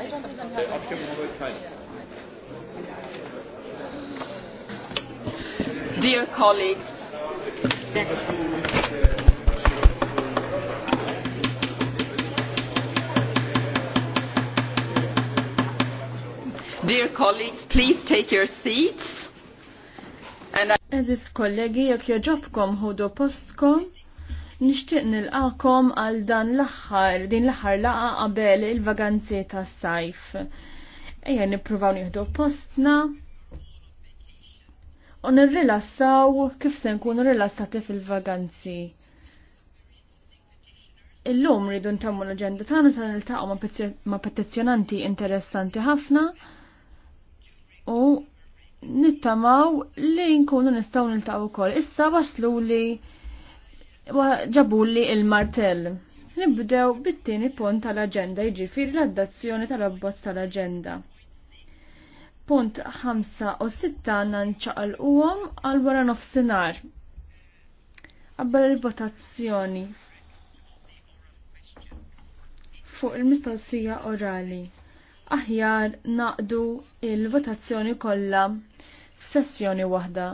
Dear colleagues, Dear colleagues, please take your seats. And I... Aziz kollegi, jek joġobkom hudu postkom. Nixtieq nilqakom għal dan l-aħħar, din l-aħħar laqa qabel il-vaganzi tas-sajf. Ejja nippruvaw nieħdu postna u nirrilassaw kif se nkunu rilassati fil-vaganzi. Illum rridu ntemmu l-aġenda tagħna se niltaqgħu ma' petizzjonanti interessanti ħafna u nittamaw li nkunu nistgħu niltaqgħu wkoll. Issa waslu li ġabulli il-martell. Nibdew bit-tieni punt tal-aġenda jiġifieri l-addazzjoni tal-abbozz tal-aġenda. Punt 5 u 6 għandna nċaqalquhom għal wara nofsinhar. Qabel il-votazzjoni fuq il-mistoqsija orali. Aħjar naqdu il-votazzjoni kollha f'sessjoni waħda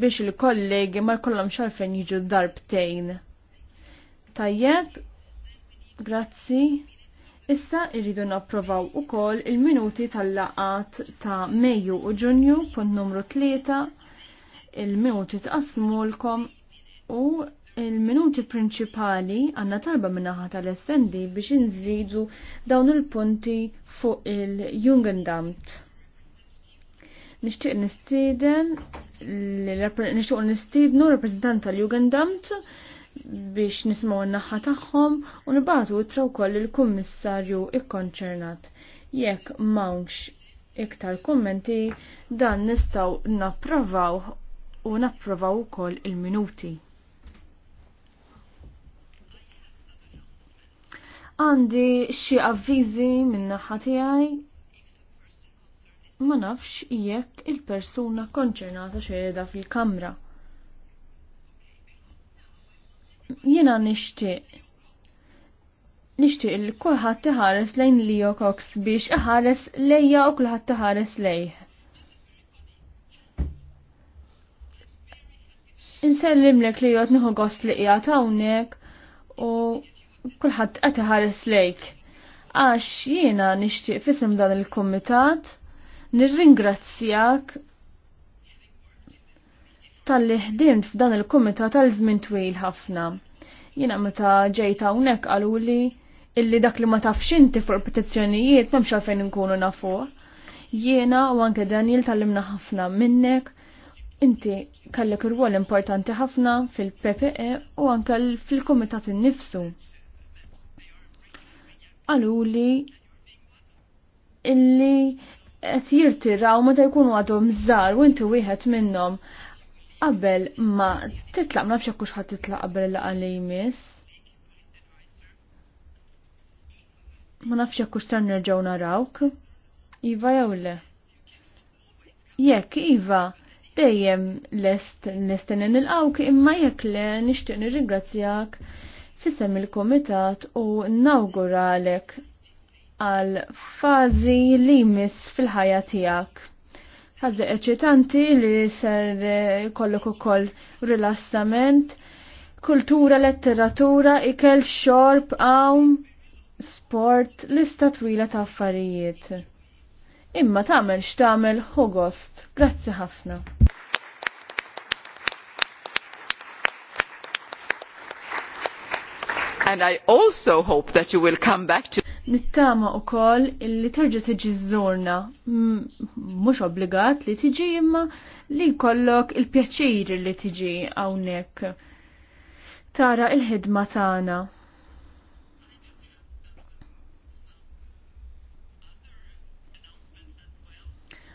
biex il-kollegi ma jkollhom xarfen jiġu darbtejn. Tajjeb, grazzi. Issa irridu napprovaw ukoll il-minuti tal-laqat ta' Mejju u Ġunju punt numru 3 il-minuti tqasmulkom u il-minuti prinċipali għanna talba minnaħa tal-estendi biex nżidu dawn il-punti fuq il-Jungendamt. Nixtieq nistieden nixtieq nistiednu rappreżentant tal-Jugendamt biex nismaw n-naħħa tagħhom u nibagħtu ittra wkoll il-kummissarju ikkonċernat. Jekk m'hawnx iktar kummenti dan nistgħu napprovaw u napprovaw ukoll il-minuti. Għandi xi avviżi min-naħa tiegħi ma nafx jekk il-persuna konċernata xeda fil-kamra. Jena nishtiq. Nishtiq li kulħadd tiħares lejn li Cox biex iħares lejja u kulħadd tiħares lejh. Insellimlek li jgħod nieħu gost li jgħat hawnhekk u kulħadd qed iħares lejk. Għax jiena nixtieq fissim dan il-kumitat Nirringrazzjak tal-li ħdimt f'dan il-kumitat tal żmien twil ħafna. Jiena meta ġejt hawnhekk qaluli illi dak li ma tafx inti fuq petizzjonijiet m'hemmx għalfejn inkunu nafu. Jiena u anke Daniel tallimna ħafna minnek, inti kellek rwol importanti ħafna fil-PPE u anke fil-Kumitat innifsu. Qaluli illi qed jirtiraw meta jkunu għadhom żgħar u inti wieħed minnhom qabel ma titlaq nafx hekk ħadd titlaq qabel il li jmiss. Ma nafx hekk ser nerġgħu narawk. Iva jew le. Jekk iva dejjem lest nestenni nilqawk imma jekk le nixtieq nirringrazzjak fissem il-komitat u nawguralek għal fazi li jmiss fil-ħajja tiegħek. Ħażli eċitanti li ser eh, kollok ukoll rilassament, kultura, letteratura, ikel xorb, hawn sport, lista twila ta' affarijiet. Imma tagħmel x'tagħmel hugost, Grazzi ħafna. and I also hope that you will come back to Nittama u kol li terġa tiġi zzurna, mux obbligat li tiġi imma li kollok il-pjaċir li tiġi għawnek. Tara il-ħidma tagħna.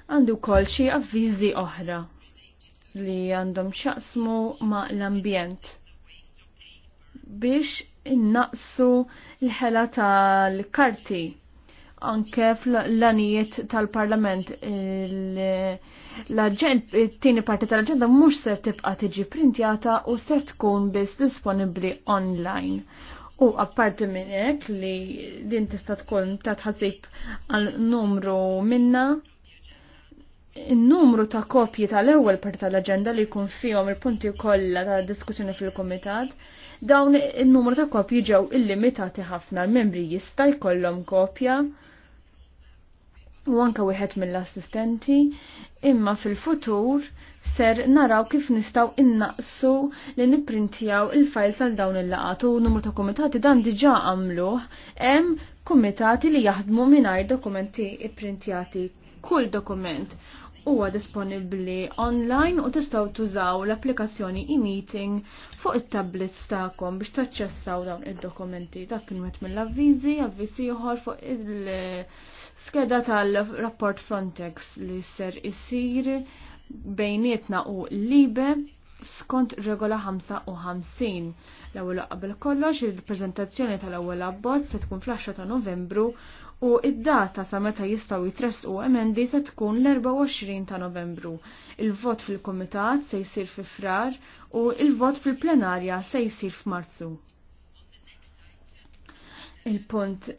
Għandu kol xi avviżi oħra li għandhom xaqsmu ma' l-ambjent biex innaqsu l-ħela tal-karti anke fl-lanijiet tal-parlament l-tini parti tal-agenda mux ser tibqa tiġi printjata u ser tkun biss disponibli online. U apparti minn hekk li din tista' tkun ta' tħassib għal numru minna il-numru ta' kopji tal-ewwel parti tal-aġenda li jkun fihom il-punti kollha ta' diskussjoni fil-kumitat, dawn il-numru ta' kopji ġew illimitati ħafna l-membri jista' jkollhom kopja u anka wieħed mill-assistenti, imma fil-futur ser naraw kif nistaw innaqsu li nipprintjaw il-files għal dawn il laqatu u numru ta' komitati dan diġa għamluh hemm komitati li jaħdmu mingħajr dokumenti ipprintjati kull dokument huwa disponibbli online u tistgħu tużaw l-applikazzjoni e-meeting fuq it-tablets tagħkom biex taċċessaw dawn id-dokumenti. Dak kien wet mill-avviżi, avviżi ieħor fuq il-skeda tal-rapport Frontex li ser isir bejnietna u libe skont regola 55. L-ewwel qabel kollox il-preżentazzjoni tal-ewwel abbozz se tkun fl-10 ta' Novembru u id-data sa meta jistaw jitresqu emendi se tkun l-24 ta' Novembru. Il-vot fil-Komitat se jsir fi frar u il-vot fil-plenarja se jsir f'Marzu. Il-punt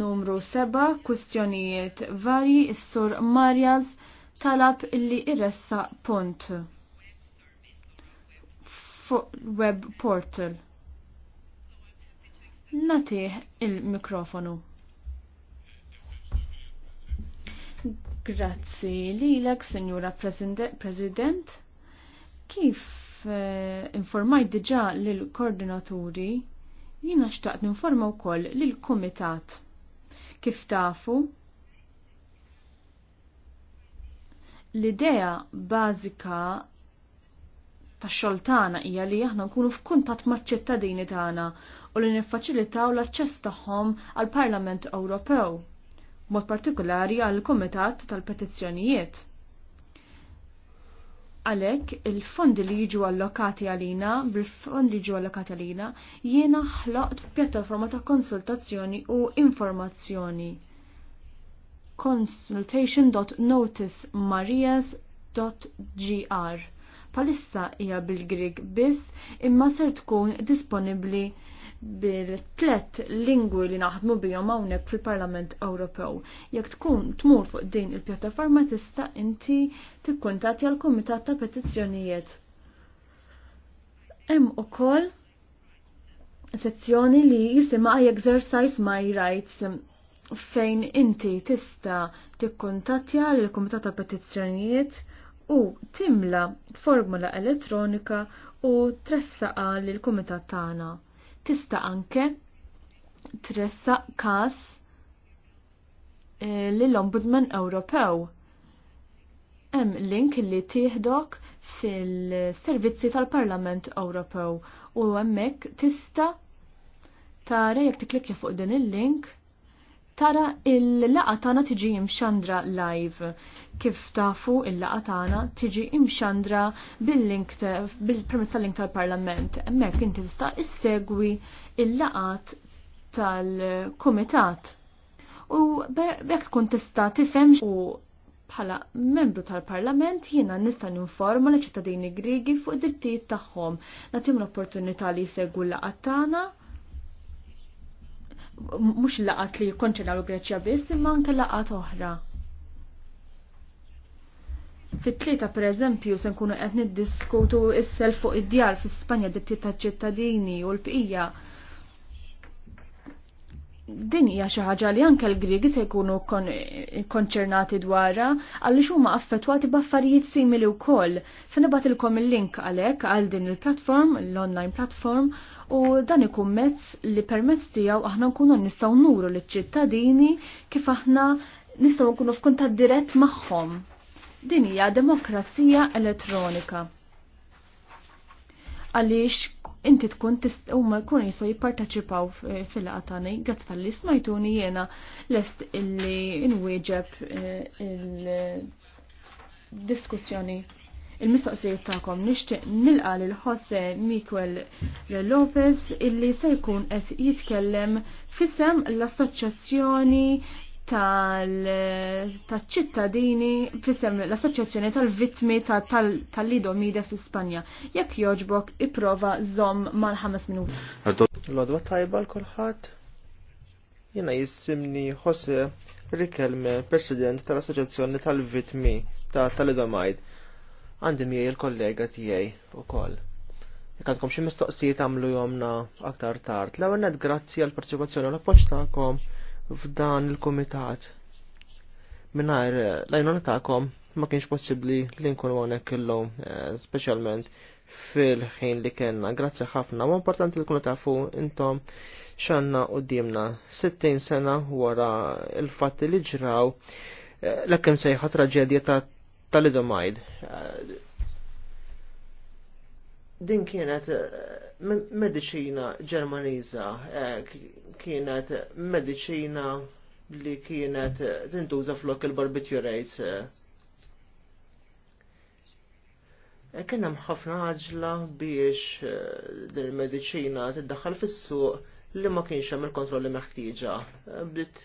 numru 7, kwistjonijiet varji, s sur Marjaz talab illi irressa punt web portal. Natih il-mikrofonu. Grazzi lilek, Signora President. Kif eh, informajt diġa lill-koordinaturi, jina xtaqt ninforma wkoll lill-kumitat. Kif tafu? L-idea bażika ta' xoltana hija li aħna nkunu f'kuntatt maċ-ċittadini tagħna u li niffaċilitaw l-aċċess tagħhom għall-Parlament Ewropew mod partikolari għal komitat tal-petizzjonijiet. Għalek, il-fondi li jiġu allokati għalina, bil-fondi li jiġu allokati għalina, jiena ħloqt pjattaforma ta' konsultazzjoni u informazzjoni. consultation.noticemarias.gr Palissa hija bil-Grig biss imma ser tkun disponibbli bil-tlet lingwi li naħdmu bihom hawnhekk fil-Parlament Ewropew. Jekk tkun tmur fuq din il-pjattaforma tista' inti tikkuntati għal kumitat ta' petizzjonijiet. Hemm ukoll sezzjoni li jisimha Exercise My Rights fejn inti tista' tikkuntattja lill kumitat ta' petizzjonijiet u timla formula elettronika u tressaqa lill kumitat tagħna tista' anke tressa każ eh, lill-Ombudsman Ewropew. Hemm link li tieħdok fil-servizzi tal-Parlament Ewropew u hemmhekk tista' tara jekk tiklikja fuq din il-link tara il-laqa tagħna tiġi imxandra live. Kif tafu il-laqa tagħna tiġi imxandra bil-link bil-permezz tal-link tal-Parlament. Hemmhekk inti tista' issegwi il-laqat tal-Kumitat. U bekk tkun tista' tifhem u bħala membru tal-Parlament jiena nista' ninforma l ċittadini Griegi fuq id-drittijiet tagħhom Nagħtihom l-opportunità li jsegwu l-laqgħat tagħna mux laqat li konċellaru Greċja biss, imma anke laqat oħra. Fit-tlieta per eżempju se nkunu qed niddiskutu s-self fuq id-djar fi Spanja dittiet ta' ċittadini u l-bqija din hija xi ħaġa li anke l-Griegi se jkunu konċernati dwarha għaliex huma affettwati b'affarijiet simili wkoll. Se nibatilkom il-link għalhekk għal din il-platform, l-online platform, u dan ikun mezz li permezz tiegħu aħna nkunu nistgħu nuru liċ-ċittadini kif aħna nistgħu nkunu f'kuntatt dirett magħhom. Din hija demokrazija elettronika. Għaliex inti tkun tist huma jkun jistgħu jipparteċipaw fil-laqa tani, Grazzi tal-li smajtuni jiena lest illi nwieġeb eh, il-diskussjoni il-mistoqsijiet tagħkom nixtieq nilqa' lil Jose Mikwel Lopez illi se jkun qed jitkellem f'isem l-Assoċjazzjoni tal-ċittadini fissem l-Assoċjazzjoni tal-Vittmi tal-Lidomide tal fl-Ispanja. Jekk joġbok iprova zom mal ħames minuti. L-odwa tajba l-kolħat? Jena jissimni Jose Rikelme, President tal associazzjoni tal-Vittmi tal-Lidomide. Għandi miej l kollega tijaj u koll. Għandkom xie mistoqsijiet għamlu jomna aktar tard. L-għennet grazzi għal-parċipazzjoni u l-appoċ ta'kom f'dan il-komitat. Minar, lajnuna ta'kom ma kienx possibli li nkun għonek illum, eh, specialment fil-ħin li kena. Grazzi ħafna, u importanti li kunu tafu intom xanna u dimna 60 sena wara il-fatti li ġraw eh, l-ekkem sejħa traġedja tal-idomajd. Eh, din kienet Medicina Ġermaniża kienet medicina li kienet tintuża flok il-barbiturates. Eh. Eh, kien hemm ħafna għaġla biex eh, din il-mediċina tiddaħħal fis-suq li ma kienx hemm il-kontrolli meħtieġa. Bdiet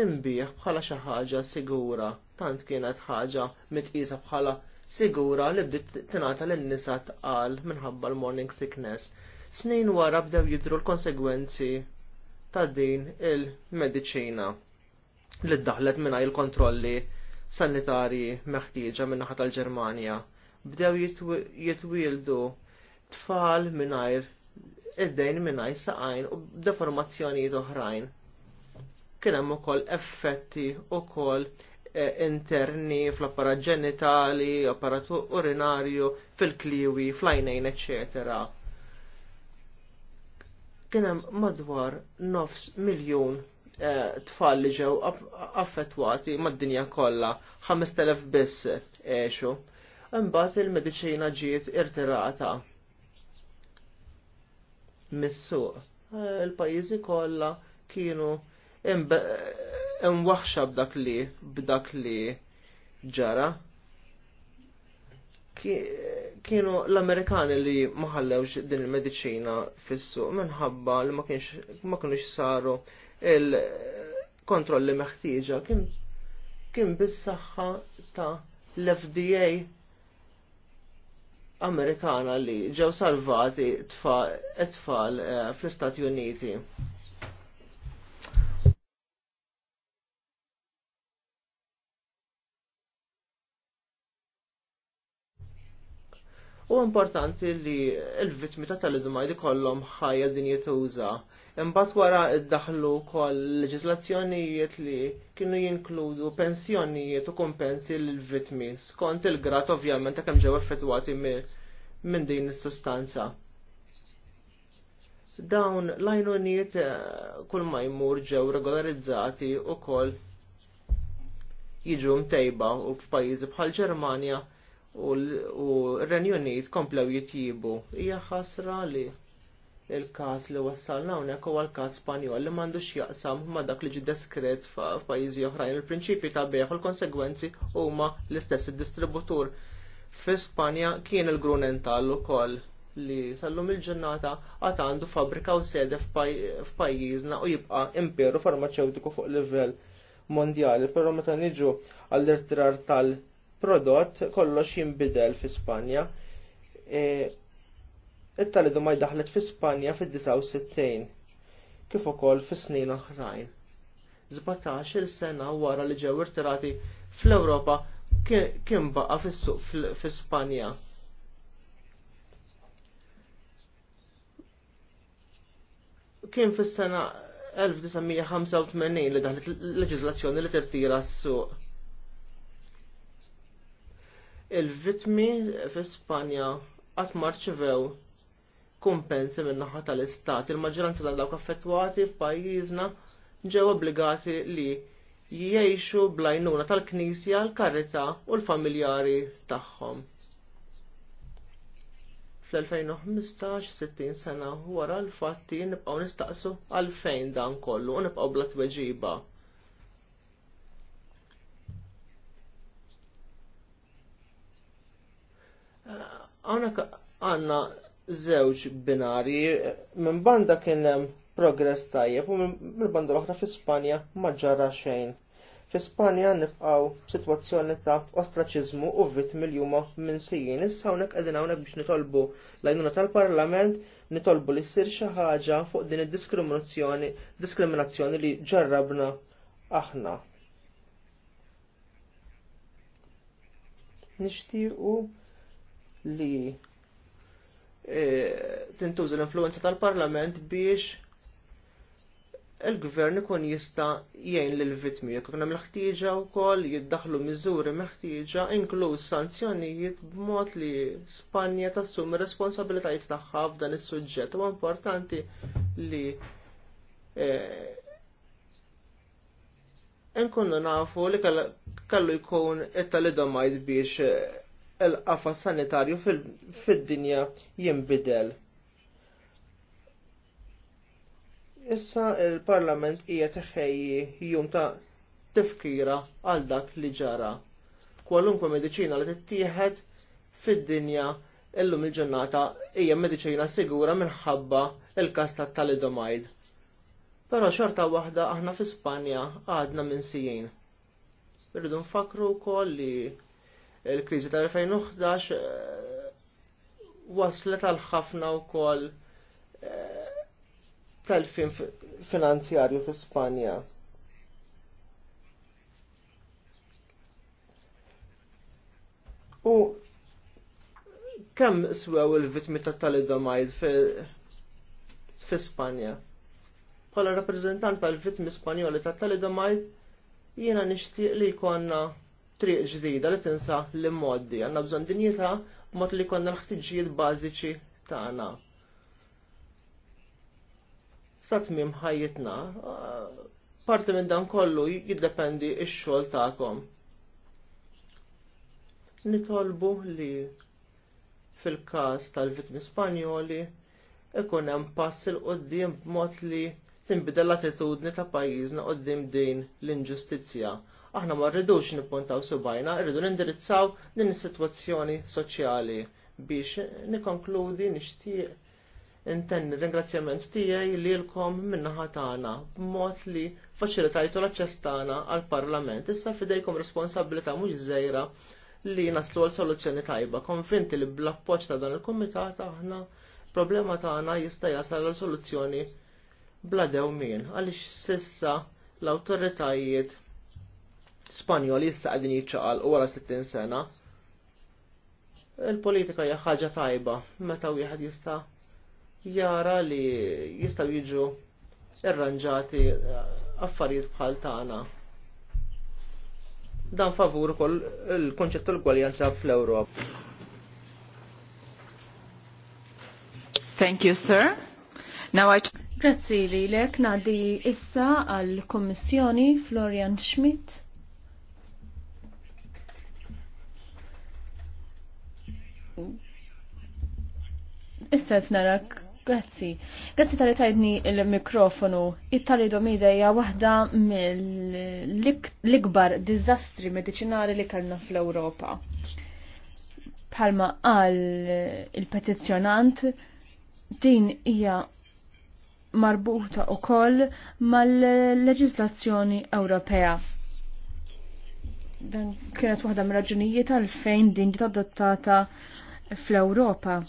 timbih bħala xi ħaġa sigura, tant kienet ħaġa mitqisa bħala sigura li bdiet tingħata lin nisa tqal minħabba l-morning sickness. Snin wara bdew jidru l-konsegwenzi ta' din il-mediċina li ddaħlet mingħajr il-kontrolli sanitarji meħtieġa min-naħa tal-Ġermanja. Bdew jitwildu tfal mingħajr id-dejn mingħajr saqajn u deformazzjonijiet oħrajn. Kien hemm ukoll effetti wkoll interni, fl-apparat ġenitali, apparat urinarju, fil-kliwi, fl-ajnejn, eccetera kienem madwar nofs miljon eh, tfal li ġew affettwati mad-dinja kollha 5000 biss għexu. Imbagħad il-mediċina ġiet irtirata mis-suq. Eh, il-pajjiżi kollha kienu imwaħxa b'dak li b'dak li ġara. Kienu l-Amerikani li maħallewx din il-medicina fis-suq minħabba li ma kienx saru il-kontrolli meħtieġa kien kien bis-saħħa ta' l-FDA Amerikana li ġew salvati tfal eh, fl-Istati Uniti. U importanti li l-vittmi ta' tal-idma kollom ħajja din jituża. Imbat wara id-daħlu wkoll leġislazzjonijiet li kienu jinkludu pensjonijiet u kompensi lill-vittmi skont il grat ovvjament ta' kemġew ġew effettwati minn din is-sustanza dawn l-ajnuniet eh, kull ma jmur ġew regolarizzati u kol jiġu mtejba u f'pajjiżi bħal Ġermanja u r-Renjoniet komplew jitjibu. Hija ħasra li il-kas li wassalna hawnhekk huwa l-kas Spanjol li m'għandux jaqsam ma' dak li ġideskret deskret f'pajjiżi oħrajn. il prinċipi ta' beħ u l-konsegwenzi huma l-istess id-distributur. Fi Spanja kien il-Grunental ukoll li sallum il ġennata għad għandu fabrika u sede f'pajjiżna u jibqa' imperu farmaceutiku fuq livell mondjali, però meta niġu għall-irtirar tal- prodott kollox jinbidel fi Spanja. E, It-talidu ma jdaħlet fi Spanja fid-69 kif ukoll fi snin oħrajn. 17 sena wara li ġew irtirati fl-Ewropa kien baqa' fis-suq fi Spanja. Kien fis-sena 1985 li daħlet leġiżlazzjoni li tirtira s-suq il-vitmi fi Spanja qatt marċivew kumpensi min-naħa tal-istat. Il-maġġoranza tal dawk affettwati f'pajjiżna ġew obbligati li jgħixu blajnuna tal-Knisja, l-Karità u l-familjari tagħhom. Fl-2015-60 sena wara l-fatti nibqgħu nistaqsu għalfejn dan kollu u nibqgħu bla tweġiba. Għana għanna zewġ binari, minn banda kien hemm progress tajjeb u minn banda l-oħra fi Spanja ma xejn. Fi Spanja nifqaw situazzjoni ta' ostraċizmu u vitt li huma minn sijin. Issa hawnhekk qegħdin hawnhekk biex nitolbu l-għajnuna tal-Parlament, nitolbu li ssir xi ħaġa fuq din id-diskriminazzjoni, diskriminazzjoni li ġarrabna aħna. Nixtiequ li e, tintuż l-influenza tal-Parlament biex il-gvern ikun jista' jgħin lil vittmi jekk hemm l-ħtieġa wkoll jiddaħħlu miżuri meħtieġa inkluż sanzjonijiet b'mod li Spanja tassumi responsabilitajiet tagħha f'dan is-suġġett. Huwa importanti li e, nkunu nafu li kellu jkun it-talidomajt biex e, l-qafas sanitarju fid-dinja jinbidel. Issa l parlament ija teħħeji jum ta' tifkira għal dak li ġara. Kwalunkwe mediċina li tittieħed fid-dinja illum il-ġurnata hija mediċina sigura minħabba il kasta tal-idomajd. Però xorta waħda aħna fi Spanja għadna minn sijin. Irridu nfakru wkoll li Il-kriżi tal-2011 eh, waslet għal ħafna eh, tal-fin finanzjarju fi Spanja. U kemm swew il-vitmi ta' talidomide fi Spanja? Bħala rappresentant tal-vitmi Spanjoli ta' talidomide jiena nixtieq li jkollna triq ġdida li tinsa l-immoddi. Għanna bżon dinjita mod li konna l-ħtiġijiet bażiċi tagħna. Sa tmim ħajjitna, parti minn dan kollu jiddependi x-xogħol tagħkom. Nitolbu li fil-każ tal-vittmi Spanjoli ikun hemm pass il qoddim b'mod li tinbidel l-attitudni ta' pajjiżna qoddim din l-inġustizzja. Aħna ma rridux nippuntaw subajna, rridu nindirizzaw din is-sitwazzjoni soċjali biex nikonkludi nixtieq intenni ringrazzjament tiegħi lilkom minnaħa tagħna b'mod li faċilitajtu l-aċċess tagħna għall-Parlament. Issa fidejkom responsabbilità mhux żejra li naslu għal soluzzjoni tajba. Konvinti li bl-appoċ ta' dan il-komitat aħna problema tagħna jista' jasal għal soluzzjoni bla dewmien għaliex sissa l-awtoritajiet Spanjoli jissa qegħdin jiċċaqal u wara 60 sena. Il-politika hija ħaġa tajba meta wieħed jista' jara li jistgħu jiġu irranġati eh, affarijiet bħal tagħna. Dan favur kol il-konċett l gwaljanza fl-Ewropa. Thank you, sir. Now I... Grazzi li lek nadi issa għal-Kommissjoni Florian Schmidt. Issa narak Grazzi. Grazzi tal-li tajtni il-mikrofonu. It-tali domida hija waħda mill-ikbar dizastri medicinali li kellna fl-Ewropa. Palma qal il-petizzjonant din hija marbuta ukoll mal-leġislazzjoni Ewropea. Dan kienet waħda mraġunijiet raġunijiet għalfejn din ġiet adottata fl-Ewropa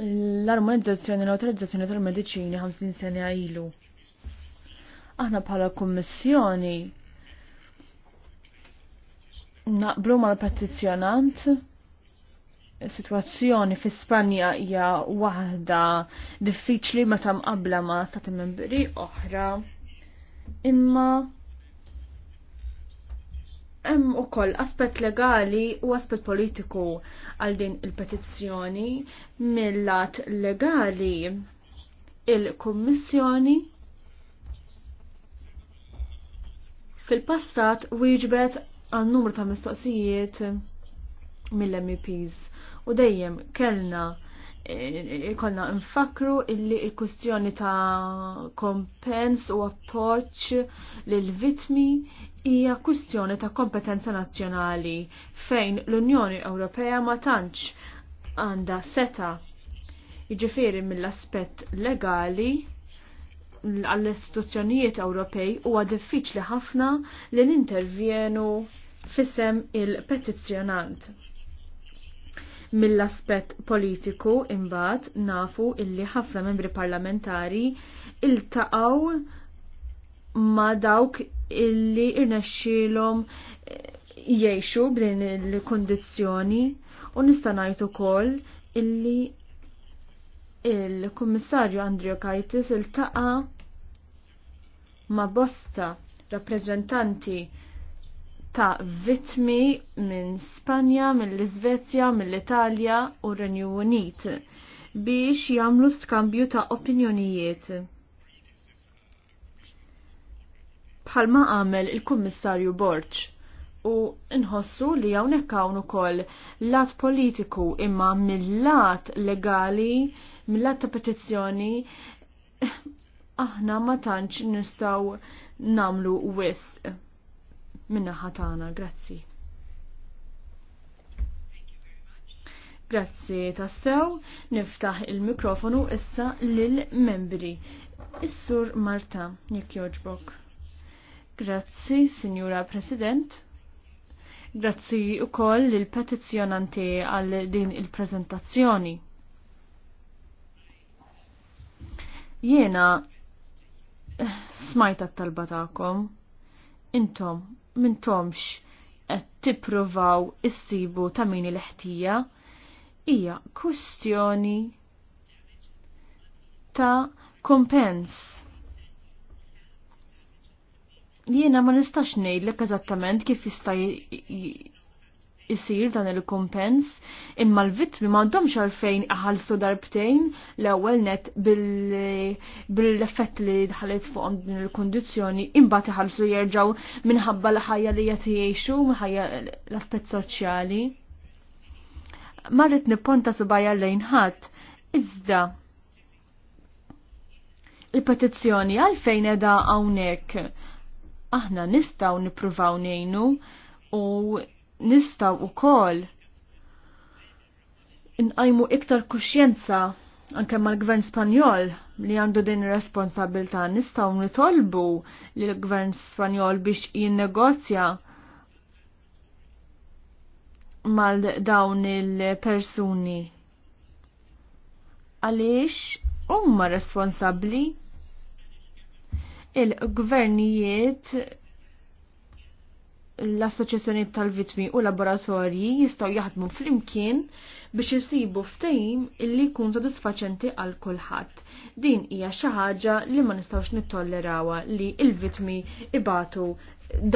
l-armonizzazzjoni l-autorizzazzjoni tal-mediċini 50 sena ilu. Aħna bħala kummissjoni naqblu mal-petizzjonant situazzjoni fi Spanja hija waħda diffiċli meta mqabbla ma' stati membri oħra. Imma Hemm ukoll aspett legali u aspett politiku għal din il-petizzjoni mill-lat legali il-Kummissjoni fil-passat wieġbet għan numru ta' mistoqsijiet mill-MEPs u dejjem kellna ikolna nfakru illi il-kustjoni ta' kompens u appoċ l vitmi hija kustjoni ta' kompetenza nazzjonali fejn l-Unjoni Ewropea ma tantx għandha seta' jiġifieri mill-aspett legali għall-istituzzjonijiet Ewropej huwa diffiċli ħafna li nintervjenu fisem il-petizzjonant. Mill-aspett politiku imbagħad nafu illi ħafna membri parlamentari iltaqgħu ma dawk illi irnexxielhom eh, jgħixu b'din il-kondizzjoni u nista' ngħid ukoll illi il-Kummissarju Andrew Kaitis iltaqa' ma' bosta rappreżentanti ta' vitmi minn Spanja, mill-Iżvezja, mill-Italja u Renju Unit biex jagħmlu skambju ta' opinjonijiet. Bħalma għamel il-Kummissarju Borċ u nħossu li hawnhekk hawn ukoll lat politiku imma mill-lat legali, mill-lat ta' petizzjoni aħna ma tantx nistgħu namlu wisq minna ħatana. Grazzi. Grazzi tassew, niftaħ il-mikrofonu issa lil-membri. Is-sur Marta, jekk joġbok. Grazzi, Signora President. Grazzi u koll lil petizjonanti għal din il-prezentazzjoni. Jena eh, smajta t-talba intom mintomx qed tippruvaw issibu ta' min il-ħtija hija kustjoni ta' kompens. Jiena ma nistax ngħidlek eżattament kif jista' isir dan il-kumpens imma l-vittmi m'għandhomx għalfejn iħallsu darbtejn l-ewwel net bil-effett li dħalet fuqhom din il-kondizzjoni imbagħad iħallsu jerġgħu minħabba l-ħajja li qed jgħixu minħajja l-aspett soċjali. Marrit nipponta subajja lejn ħadd iżda il-petizzjoni għalfejn edha hawnhekk aħna nistaw nipruvaw nejnu u nistaw u kol inqajmu iktar kuxjenza anke mal-gvern Spanjol li għandu din responsabilta nistaw nitolbu li l-gvern Spanjol biex jinnegozja mal dawn il-persuni. Għaliex huma responsabbli il-gvernijiet l-assoċjazzjoni tal-vitmi u laboratorji jistgħu jaħdmu flimkien biex isibu ftehim illi jkun sodisfaċenti għal kulħadd. Din hija xi ħaġa li ma nistgħux nittollerawha li l-vitmi ibatu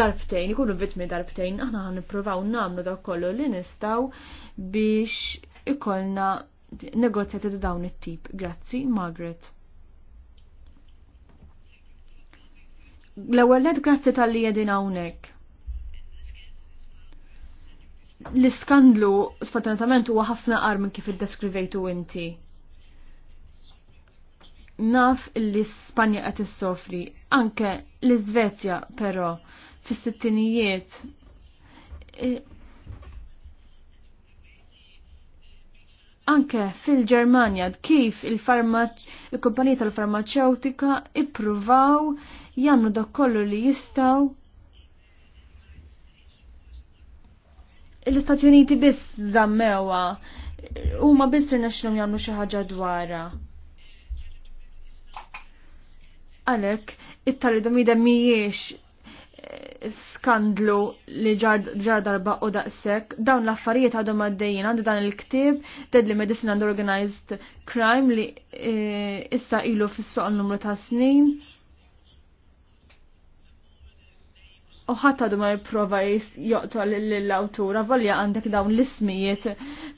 darbtejn, ikunu vitmi darbtejn, aħna ħan nippruvaw nagħmlu dak kollu li nistgħu biex ikollna negozjati ta' dawn it-tip. Grazzi, Margaret. L-ewwel grazzi tal-li jedin hawnhekk L-iskandlu sfortunatament huwa ħafna qar minn kif iddeskrivejtu inti. Naf li Spanja qed issofri, anke l-Iżvezja però fis-sittinijiet e, anke fil-Ġermanja kif il-kumpanija tal-farmaceutika ippruvaw jagħmlu dak kollu li jistgħu l-Istati Uniti biss zammewa ma biss irnexxilhom jagħmlu xi ħaġa dwarha. Għalhekk, it-talidomida mhijiex eh, skandlu li ġar darba u daqsek, dawn l-affarijiet għadhom għaddejjin għandu dan il-ktib Deadly Medicine and Organized Crime li eh, issa ilu fis-soq numru ta' snin. u ħadd għadu prova jipprova joqtol l-awtura volja għandek dawn l-ismijiet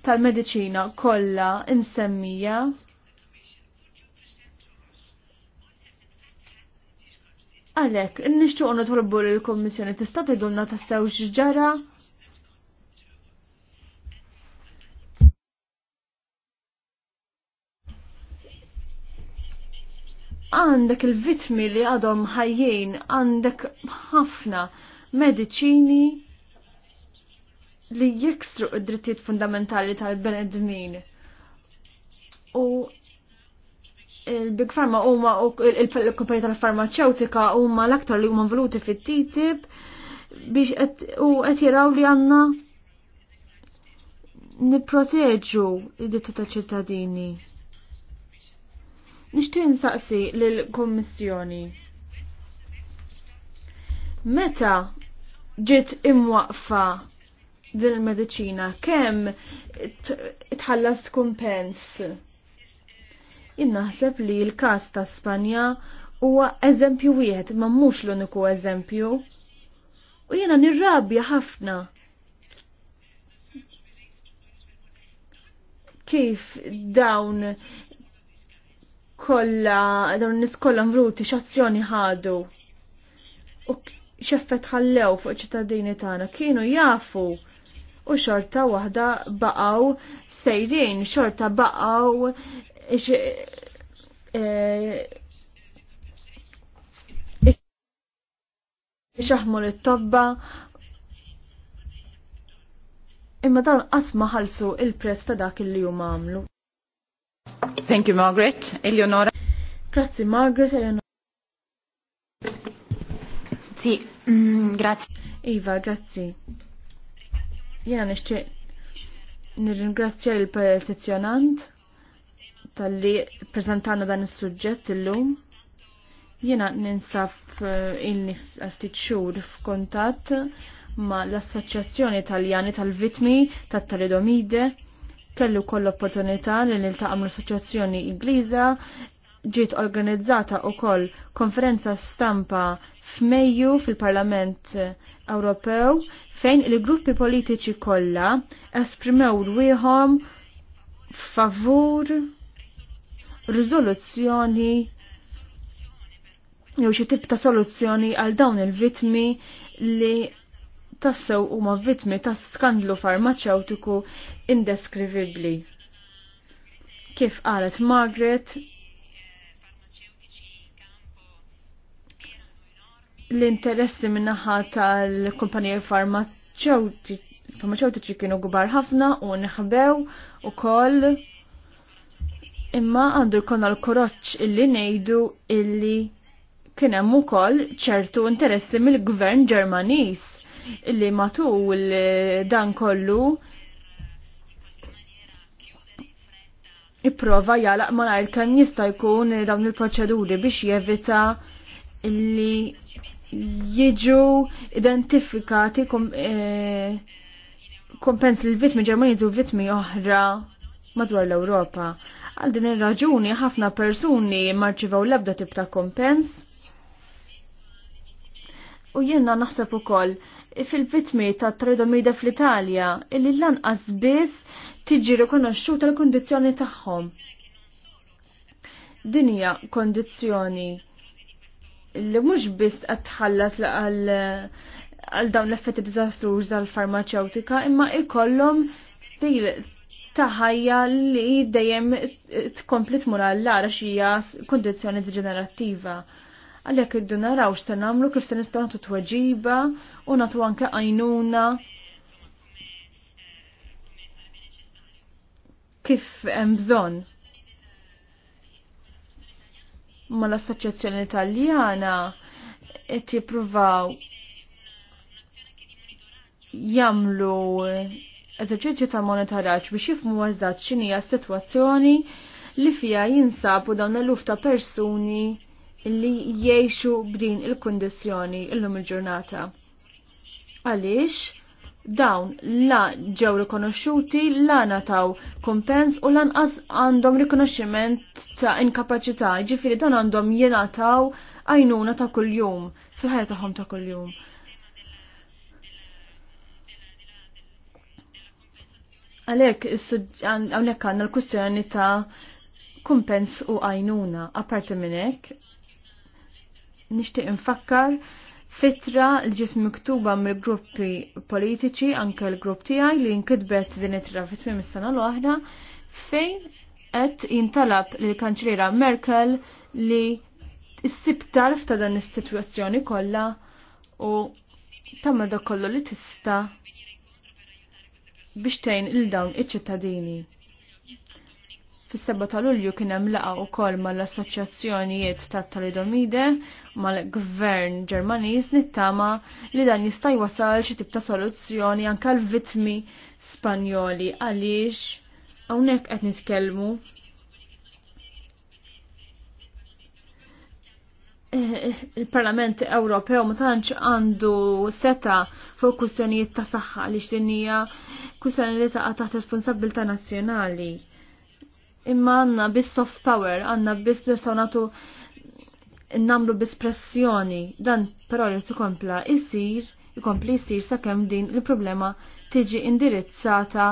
tal-mediċina kollha insemmija. Għalek, nixtuq torbu l-Kommissjoni tista' tgħidulna tassew x'ġara? ġara? għandek il-vitmi li għadhom ħajjin, għandek ħafna mediċini li jekstru id-drittijiet fundamentali tal-benedmin. U il-Big Pharma huma il kompanija tal-farmaceutika huma l-aktar li huma voluti fit-TTIP biex u qed jiraw li għandna nipproteġu id-ditta tal-ċittadini. Nixtieq nsaqsi lill-Kummissjoni. Meta ġiet imwaqfa din il-mediċina kemm tħallas kumpens? Innaħseb li l-każ ta' Spanja huwa eżempju wieħed ma mhux l-uniku eżempju. U jiena nirrabja ħafna kif dawn kolla, dawn nis kolla mruti, x'azzjoni ħadu. U xeffet ħallew fuq ċittadini tagħna kienu jafu u xorta wahda baqaw sejrin, xorta baqaw e, xaħmu t tobba imma dan qatt ma ħalsu il-prezz ta' dak li huma għamlu. Thank you, Margaret. Eleonora. Grazie, Margaret. Eleonora. Sì, mm, grazie. Iva, grazie. Jena nixċi nirringrazzja il-petizjonant tal-li prezentana dan is-suġġett illum. Jena ninsab eh, ilni ftit xhur f'kuntatt ma l-Assoċjazzjoni Italjani tal vitmi tat talidomide tal talidomide kellu koll opportunità li nilta' mal-Assoċjazzjoni Ingliża ġiet organizzata wkoll konferenza stampa f'Mejju fil-Parlament Ewropew fejn il-gruppi politiċi kollha esprimew rwieħom favur riżoluzzjoni jew xi tip ta' soluzzjoni għal dawn il-vitmi li tassew huma vittmi ta' skandlu farmaceutiku indeskrivibbli. Kif qalet Margaret, l-interessi minnaħa tal-kumpanija farmaceutiċi kienu gubar ħafna u neħbew u koll imma għandu jkollna l-koroċ illi nejdu illi kienem u koll ċertu interessi mill-gvern ġermanis illi matul dan kollu ipprova jalaq malajr kemm jista' jkun dawn il-proċeduri biex jevita illi jiġu identifikati kom, eh, kompens l-vitmi ġermaniż u vitmi oħra madwar l-Ewropa. Għal din ir-raġuni ħafna persuni marċivaw l-ebda tip ta' kompens. U jenna naħseb ukoll fil-vitmi ta' tridomida fl-Italja illi lanqas biss tiġi rikonoxxuta l kondizjoni tagħhom. Din hija kondizzjoni li mhux biss qed tħallas għal dawn l-effetti diżastruż tal farmaċewtika imma ikollhom stil ta' ħajja li dejjem tkompli tmur għall-ara hija kondizzjoni deġenerattiva għalhekk iddu naraw x'se nagħmlu kif se natu nagħtu tweġiba u nagħtu anke għajnuna kif hemm bżonn. Ma l-Assoċjazzjoni Italjana qed jippruvaw jagħmlu eżerċizzju ta' monitoraġġ biex jifhmu eżatt x'inhi s-sitwazzjoni li fija jinsabu dawn l-luf ta' persuni li jiexu b'din il-kondizjoni illum il-ġurnata. Għaliex? dawn la ġew rikonosciuti, la nataw kompens u lanqas għandhom rikonoxximent ta' inkapaċità, ġifiri dan għandhom jenataw għajnuna ta' kuljum fil-ħajja tagħhom ta' kuljum. Għalhekk hawnhekk għandna l-kwistjoni ta' kumpens u għajnuna apparti minn hekk nixtieq infakkar fitra l-ġis miktuba mill-gruppi politiċi anke l-grupp tiegħi li nkitbet din it-tra fit-tmiem is-sena l-oħra fejn qed jintalab lill kanċliera Merkel li issib tarf ta' dan is-sitwazzjoni kollha u tagħmel dak kollu li tista' biex tgħin il dawn iċ-ċittadini fis seba ta' Lulju kien hemm laqgħa wkoll mal-assoċjazzjonijiet tat-talidomide mal-Gvern Ġermaniż nittama li dan jista' jwasal xi tip ta' soluzzjoni anke l-vittmi Spanjoli għaliex hawnhekk qed nitkellmu il-Parlament Ewropew ma tantx għandu seta fuq kwistjonijiet ta' saħħa li hija kwistjoni li taqa' taħt responsabilità nazzjonali imma għanna bis soft power, għanna bis nistaw natu namlu bis pressjoni, dan però li t-kompla jisir, jkompli jisir sakemm din il-problema tiġi indirizzata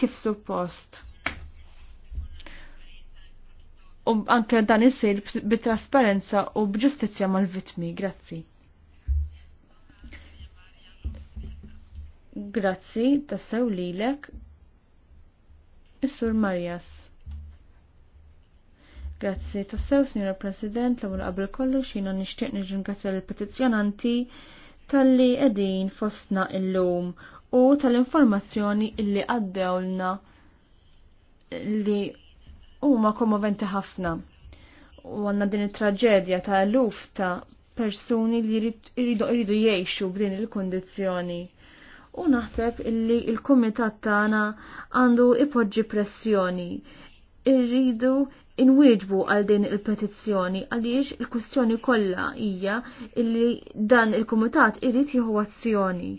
kif suppost. U anke dan jisir bit-trasparenza u b'ġustizzja mal-vitmi, grazzi. Grazzi, tassew lilek. Is-Sur Marjas. Grazzi tassew, Signora President, l-ewwel qabel kollu xina nixtieq nirringrazzja l-petizzjonanti tal-li qegħdin fostna il-lum u tal-informazzjoni illi għaddewlna li huma komoventi ħafna. U għanna din it-traġedja ta' luf ta' persuni li jridu jridu jgħixu b'din il kondizjoni U naħseb illi il-kumitat tagħna għandu ipoġġi pressjoni irridu inwieġbu għal din il-petizzjoni għaliex il-kwistjoni kollha hija illi dan il-kumitat irid jieħu azzjoni.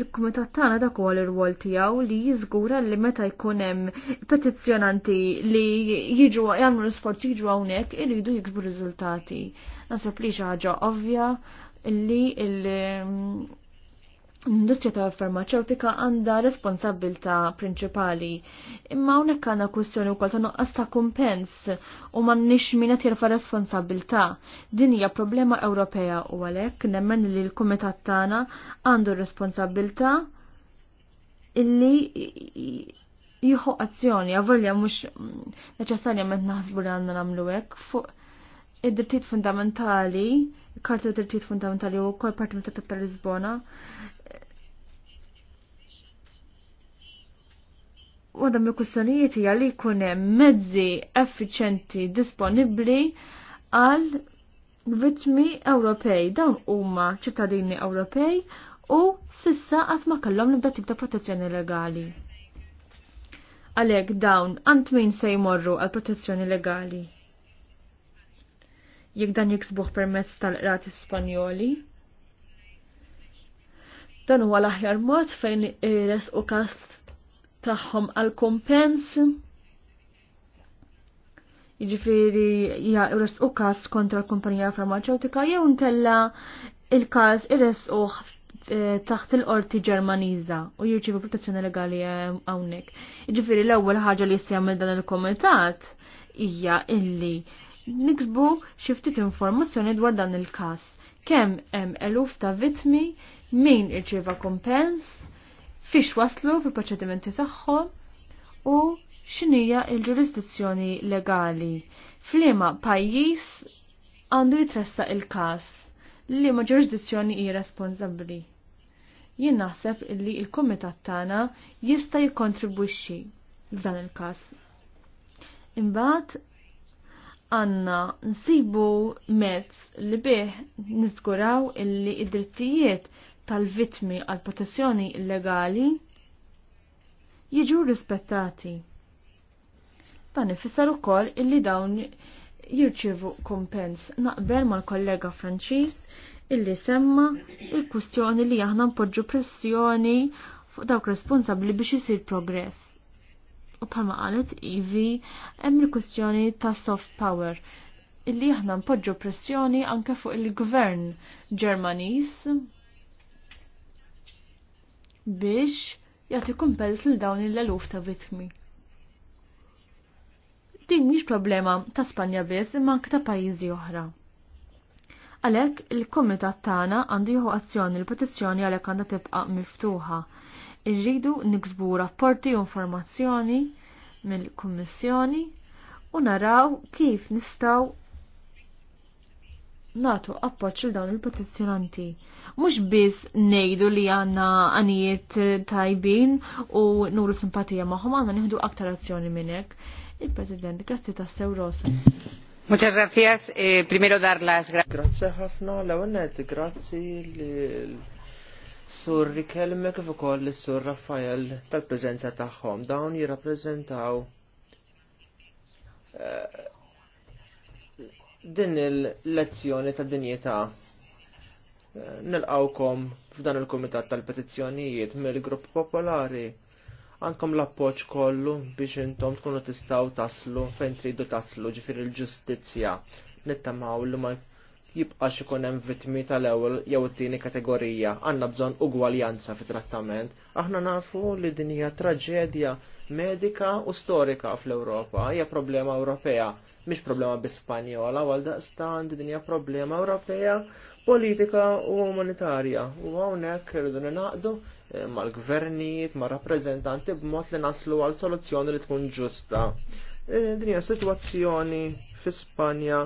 Il-kumitat tagħna dak huwa l-irwol tiegħu li jiżgura li meta jkun hemm petizzjonanti li jiġu jagħmlu l-isforz jiġu hawnhekk iridu jiksbu riżultati. Naħseb li xi ħaġa ovvja li il- l-industrija ta' farmaceutika għandha responsabilta prinċipali. Imma hawnhekk għandna kwistjoni wkoll ta' nuqqas ta' kumpens u m'għandniex min qed jerfa' responsabilta. Din hija problema Ewropea u għalhekk nemmen li l-kumitat tagħna għandu responsabilta illi jieħu azzjoni għavolja mhux neċessarjament naħsbu li għandna nagħmlu hekk fuq id-drittijiet fundamentali karta drittijiet fundamentali u kol parti ta' ta' Lisbona. U għadam il-kussjonijiet hija li jkun hemm mezzi effiċenti disponibbli għal vittmi Ewropej. Dawn huma ċittadini Ewropej u sissa qatt ma kellhom nibda tibda protezzjoni legali għalek dawn għant min se jmorru għal protezzjoni legali jekk dan jiksbuh permezz tal qrat Spanjoli. Dan huwa l-aħjar mod fejn ires u kast tagħhom għal kompens. Jiġifieri ires u kas kontra l-kumpanija farmaceutika jew nkella il-każ ires u taħt il-qorti Ġermaniża u jirċievu protezzjoni legali hawnhekk. Jiġifieri l-ewwel ħaġa li jista' jagħmel dan il-komitat hija illi niksbu xiftit informazzjoni dwar dan il-kas. Kemm hemm eluf ta' vitmi, min irċieva kompens, fiex waslu fil-proċedimenti tagħhom u x'inhija l-ġurisdizzjoni legali. F'liema pajjiż għandu jitressa il-każ li ma ġurisdizzjoni hi responsabbli. Jien naħseb li l-kumitat tagħna jista' jikkontribwixxi f'dan il-każ. Imbagħad għanna nsibu mezz li bih nizguraw illi id-drittijiet tal-vitmi għal protezzjoni illegali jiġu rispettati. Dan ifisser ukoll illi dawn jirċivu kumpens naqbel mal-kollega Franċiż illi semma il-kustjoni li aħna npoġġu pressjoni fuq dawk responsabbli biex isir progress. U bħalma qalet Ivi, hemm il-kwistjoni ta' soft power illi aħna npoġġu pressjoni anke fuq il-gvern Ġermaniż biex jagħti kumpels lil dawn il-eluf ta' vittmi. Din mhix problema ta' Spanja biss imma anke ta' pajjiżi oħra. Għalhekk il kumitat tagħna għandu jieħu azzjoni l-petizzjoni għalhekk għandha tibqa' miftuħa irridu niksbu rapporti u informazzjoni mill-Kummissjoni u naraw kif nistaw natu appoċ il dawn il-petizjonanti. Mux biss nejdu li għanna għanijiet tajbin u nuru simpatija maħom għanna nieħdu aktar azzjoni minnek. Il-President, grazzi ta' sew Rosa. Muchas gracias. Eh, primero dar las gracias. Grazie ħafna, l-għonet, grazie li Sur Rikelme kif ukoll is-Sur Raffael tal-preżenza tagħhom dawn jirrappreżentaw eh, din il-lezzjoni ta' dinjità. Eh, nilqawkom f'dan il-Kumitat tal-Petizzjonijiet mill-Grupp Popolari għandkom l-appoġġ kollu biex intom tkunu tistgħu taslu fejn tridu taslu ġifier il-ġustizzja nittamaw li ma jibqax ikun hemm vittmi tal-ewwel jew it-tieni kategorija. Għandna bżonn ugwaljanza fit-trattament. Aħna nafu li din hija traġedja medika u storika fl-Ewropa, hija problema Ewropea, mhix problema bispanjola għal daqstan din hija problema Ewropea politika u umanitarja. U hawnhekk irridu ninaqdu eh, mal-gvernijiet, mal-rappreżentanti b'mod li naslu għal soluzzjoni li tkun ġusta. Eh, din hija sitwazzjoni fi Spanja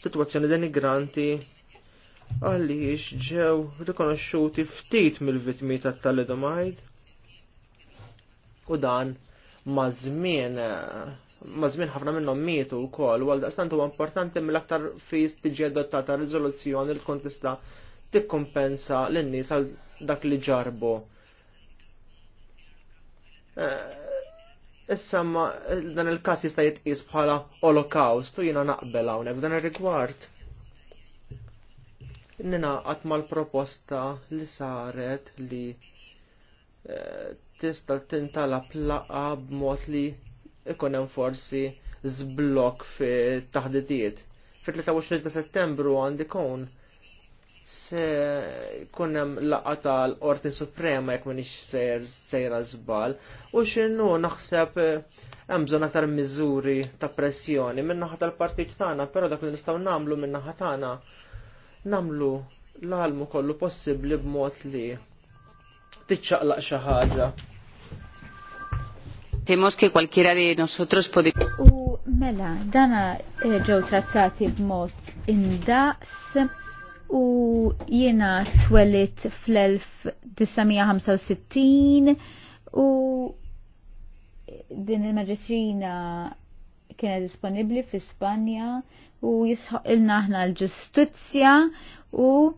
situazzjoni denigranti għaliex ġew rikonoxxuti ftit mill-vitmi tat-talidomide u dan mażmien mażmien ħafna minnhom mietu wkoll għal daqstant huwa importanti mill-aktar fis tiġi adottata riżoluzzjoni li tkun tista' tikkompensa lin-nies għal dak li ġarbu. Eh, Issa ma dan il-kas jista' jitqis bħala Holocaust u jiena naqbel hawnhekk f'dan ir-rigward. qatt mal-proposta li saret li eh, tista' tintala plaqa b'mod li ikun hemm forsi żblok fit taħdidiet. Fit-23 ta' Settembru għandi kon se kunnem laqqa tal-Qorti Suprema jekk minix sejra żbal u x'inhu naħseb eh, hemm bżonn aktar miżuri ta' pressjoni minn naħa tal-partit tagħna, però dak li nistgħu nagħmlu minn naħa tagħna nagħmlu l-almu kollu possibbli b'mod li tiċċaqlaq xi ħaġa. Temos che qualquiera di nosotros podi... U mela, dana eh, ġew trattati b'mod indaqs u jiena twellit fl-1965 u din il-maġistrina kienet disponibli fi Spanja u jisħoq ilna aħna l-ġustizzja u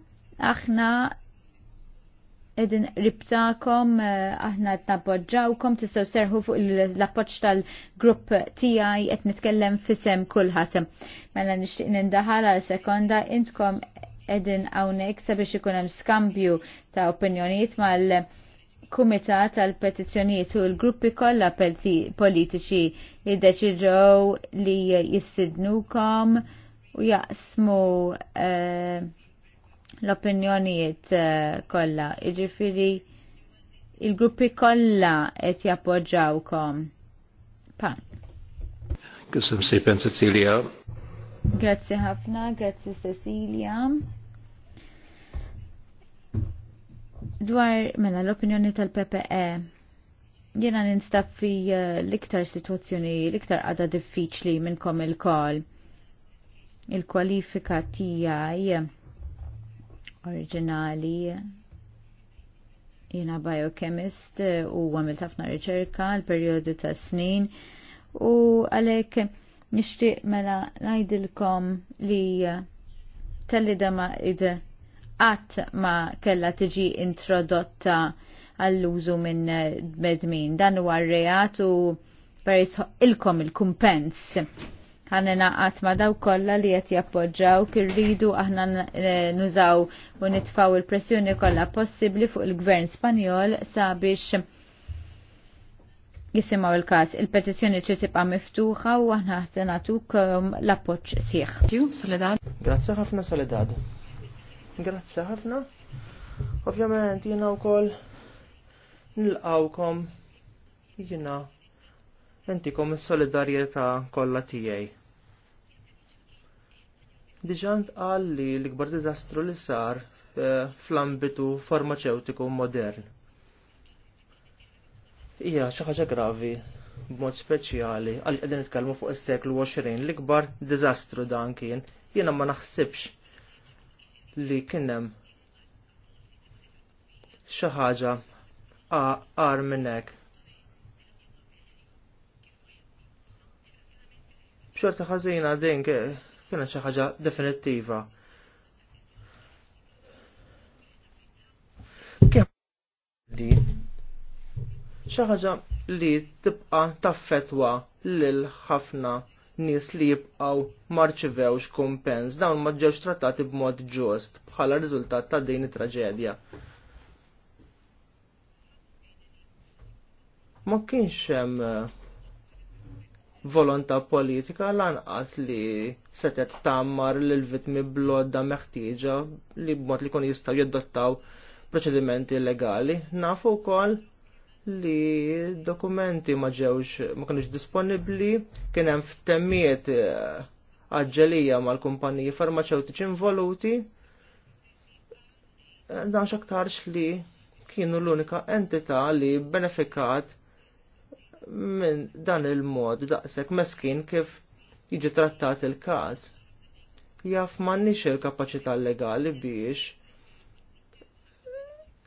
aħna edin ribtakom, eh, aħna t-napoġġawkom, tistaw serħu fuq l-appoċ tal-grupp tijaj, et nitkellem fisem kullħat. Mela nishtiq l sekonda, intkom edin għawnek sabiex ikun hemm skambju ta' opinjonijiet mal kumitat tal petizzjonijiet u l-gruppi kollha politiċi jiddeċiġew li jistidnukom u jaqsmu eh, l-opinjonijiet eh, kollha. Iġifieri il-gruppi kollha qed jappoġġawkom. Pa. Kisem sejpen Cecilia. Grazzi ħafna, grazie Cecilia. Dwar mela l-opinjoni tal-PPE, jena ninstab fi eh, l-iktar situazzjoni, l-iktar għada diffiċli minnkom il-kol. Il-kwalifika tijaj oriġinali jena biochemist eh, u għamil ħafna riċerka l-periodu ta' snin u għalek nishtiq mela najdilkom li eh, tal-li dama id qatt ma kellha tiġi introdotta għall-użu minn medmin. Dan u reat u peris ilkom il-kumpens. Għanna naqat ma daw kolla li jett jappoġġaw kirridu aħna nużaw u nitfaw il-pressjoni kolla possibli fuq il-gvern Spanjol sabiex jisimaw il-kas. Il-petizjoni ċi tibqa' miftuħa u aħna ħsenatuk l-appoġġ sieħ. Grazie ħafna Soledad. Grazzi ħafna. Ovvjament jiena wkoll nilqgħukom jiena intikom is-solidarjetà kollha tiegħi. Diġà ntqal li l-ikbar diżastru li sar eh, fl-ambitu farmaceutiku modern. Ija, xi ħaġa gravi, b'mod speċjali, għal qegħdin nitkellmu fuq is-seklu 20 l-ikbar diżastru dan kien, jiena ma naħsibx li kienem xaħġa għar minnek. Bxorta ħazina din kienet xaħġa definittiva. Di xaħġa li tibqa taffetwa lil ħafna Nis li jibqaw marċivewx kumpens dawn ma ġewx trattati b'mod ġost bħala riżultat ta' din it-traġedja. Ma kienx hemm eh, volontà politika lanqas li setet tammar lil vitmi blodda meħtieġa li b'mod li kun jistgħu jiddottaw proċedimenti legali. Nafu wkoll li dokumenti ma ġewx ma kienux disponibbli, kien hemm ftemmiet għagġelija eh, mal-kumpaniji farmaceutiċi involuti, eh, dan xaktarx li kienu l-unika entità li benefikat minn dan il-mod daqshekk meskin kif jiġi trattat il-każ. Jaf m'għandniex il-kapaċità legali biex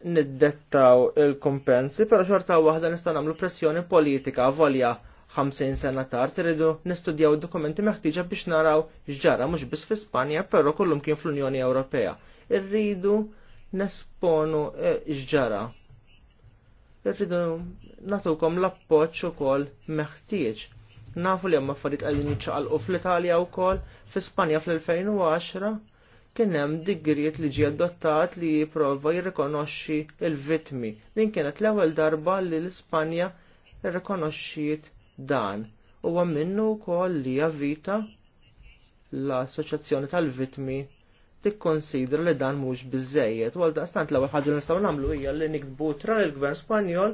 niddettaw il-kompensi, pero xorta waħda nistgħu nagħmlu pressjoni politika volja 50 sena tard iridu nistudjaw dokumenti meħtieġa biex naraw x'ġara mhux biss fi Spanja, però kullum kien fl-Unjoni Ewropea. Irridu nesponu eh, x'ġara. Irridu natukom l-appoġġ ukoll meħtieġ. Nafu li hemm affarijiet qegħdin jiċċaqalqu fl-Italja wkoll, fi Spanja fl-2010 kien hemm digriet li ġie adottat li jipprova jirrikonoxxi l-vittmi. Din kienet l-ewwel darba li l-Ispanja rrikonoxxiet dan. Huwa minnu wkoll li vita l-Assoċjazzjoni tal-Vittmi tikkonsidra li dan mhux biżejjed. Wal daqstant l-ewwel ħaġa li nistgħu nagħmlu hija li nikbu tra l-Gvern Spanjol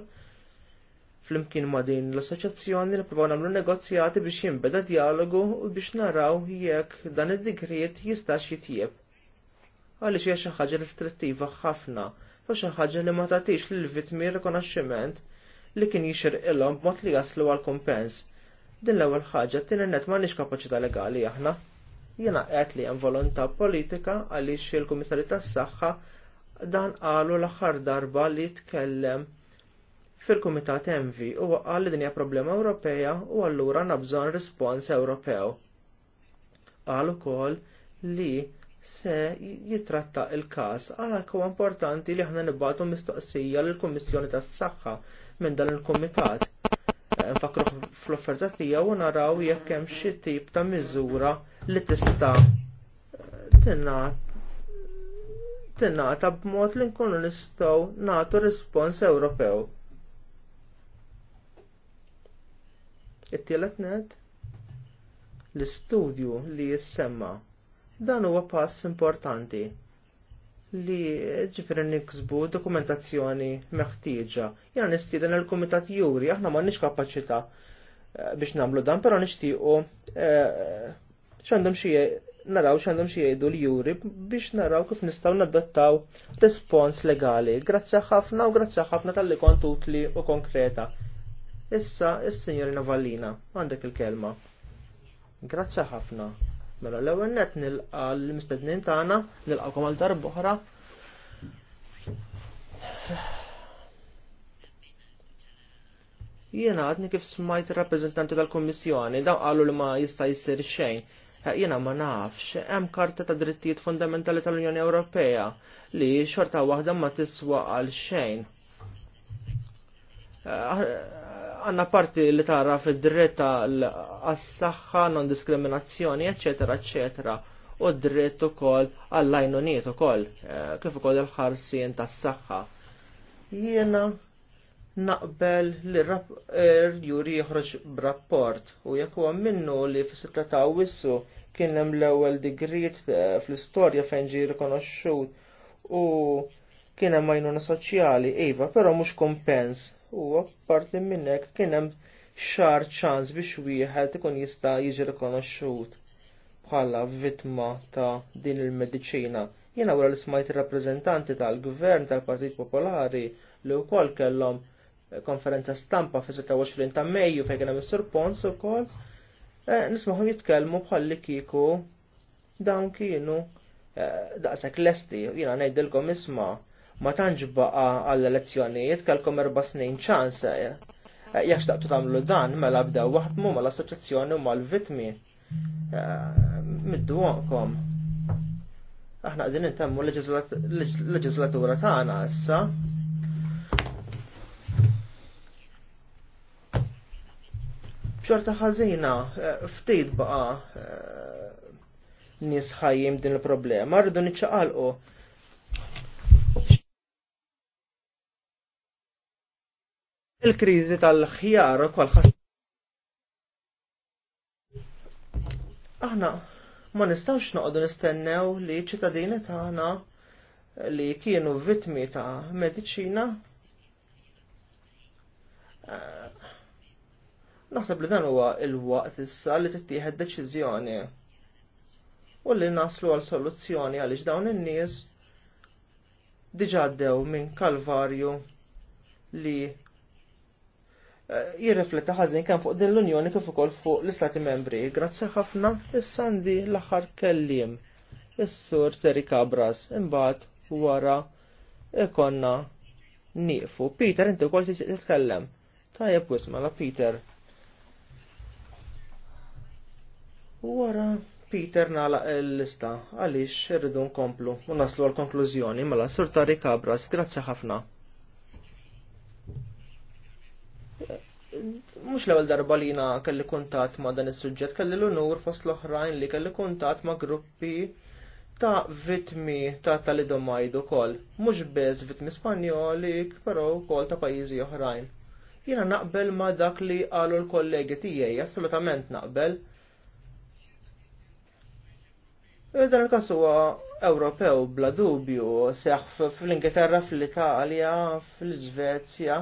flimkien ma' din l-assoċjazzjoni li provaw nagħmlu negozjati biex jinbeda dialogu u biex naraw jekk dan id dikriet jistax jitjeb għaliex hija xi ħaġa restrittiva ħafna u xi ħaġa li ma tagħtix lill-vittmi rikonoxximent li kien jixirqilhom b'mod li jaslu għal kumpens. Din l-ewwel ħaġa tieni net m'għandniex kapaċità legali aħna. Jiena qed li hemm volontà politika għaliex il-Kummissarju tas-Saħħa dan qalu l-aħħar darba li tkellem fil-Kumitat Envi u qal li din hija problema Ewropea u allura nabżon bżonn rispons Ewropew. Qal ukoll li se jitratta il-kas għalhekk huwa importanti li aħna nibgħatu mistoqsija lill kummissjoni tas-Saħħa minn dan il-Kumitat. Eh, nfakru fl-offerta tiegħu u naraw jekk hemm xi tip ta' miżura li tista' eh, tingħata b'mod li nkunu nistgħu nagħtu rispons Ewropew. It-tielet net l-istudju li jissemma' Dan huwa pass importanti li ġifiri niksbu dokumentazzjoni meħtieġa. Jena nistieden il komitat Juri, aħna nix kapaċità eh, biex nagħmlu dan, però nixtiequ eh, xandum xie naraw xandum xie jgħidu l-juri biex naraw kif nistaw nadottaw respons legali. Grazzi ħafna u grazzi ħafna tal-li kont u konkreta. Issa, is-Sinjorina Vallina, għandek il-kelma. Grazzi ħafna. Mela l-ewwel net nilqa' l-mistednin tagħna, nilqakom għal darb oħra. Jiena għadni kif smajt ir-rappreżentanti tal-Kummissjoni, dawn qalu li ma jista' jsir xejn. Eh, jiena ma nafx, hemm karta ta' drittijiet fundamentali tal-Unjoni Ewropea li xorta waħda ma tiswa għal xejn eh, għanna parti li tara fil-dritta għas-saxħa, non-diskriminazzjoni, eccetera, eccetera, u dritt ukoll għall-għajnuniet ukoll, eh, kif ukoll il-ħarsien tas-saxħa. Jiena naqbel li eh, juri b b'rapport u jekk huwa minnu li f sitta ta' wissu kien hemm l-ewwel digrit eh, fl-istorja fejn ġie rikonoxxut u kien hemm għajnuna soċjali, iva, però mhux kompens u apparti minnek kien hemm xar ċans biex wieħed ikun jista' jiġi rikonoxxut bħala vittma ta' din il-mediċina. Jiena wara li smajt ir-rappreżentanti tal-Gvern tal-Partit Popolari li wkoll kellhom konferenza stampa fi 26 ta' Mejju fejn kien hemm is-Sur Pons ukoll, eh, nisma'hom jitkellmu bħalli kieku dawn kienu eh, daqshekk lesti, jiena ngħidilkom isma' ma tantx baqa għall-elezzjonijiet kalkom erba' snin ċans eh, eh, jax taqtu tagħmlu dan mela bdew waħdmu mal-assoċjazzjoni u mal-vitmi. Eh, middu għakom. Aħna qegħdin intemmu l-leġislatura tagħna issa. B'xorta ħazina, ftit baqa' nisħajim din il-problema, rridu niċċaqalqu Il-kriżi tal-ħjar u ħass. Aħna ma nistgħux noqogħdu nistennew li ċittadini tagħna li kienu vittmi ta' mediċina eh, Naħseb li dan huwa il-waqt issa li tittieħed deċiżjoni u li naslu għal soluzzjoni għaliex dawn in-nies diġà għaddew minn kalvarju li jirrifletta ħażin kemm fuq din l-Unjoni kif ukoll fuq l-Istati Membri. Grazzi ħafna is-sandi l-aħħar kelliem is-sur Terry Cabras imbagħad wara ikonna nieqfu. Peter inti wkoll tiġi titkellem. Tajjeb wisma la Peter. Wara Peter nala l lista għaliex irridu nkomplu u naslu għal-konklużjoni mela sur Terry Cabras. Grazzi ħafna. mux l-ewel darba li jina kelli kontat ma dan is-suġġett kelli l-unur fost l-oħrajn li kelli kontat ma gruppi ta' vitmi ta' talidomajdu kol, mux bez vitmi spanjoli, pero kol ta' pajizi oħrajn. Jina naqbel ma dak li għalu l-kollegi tijaj, assolutament naqbel. Dan il-kas huwa Ewropew bla dubju, seħ fl-Ingilterra, fl-Italja, fl-Svezja. fl ingilterra fl italja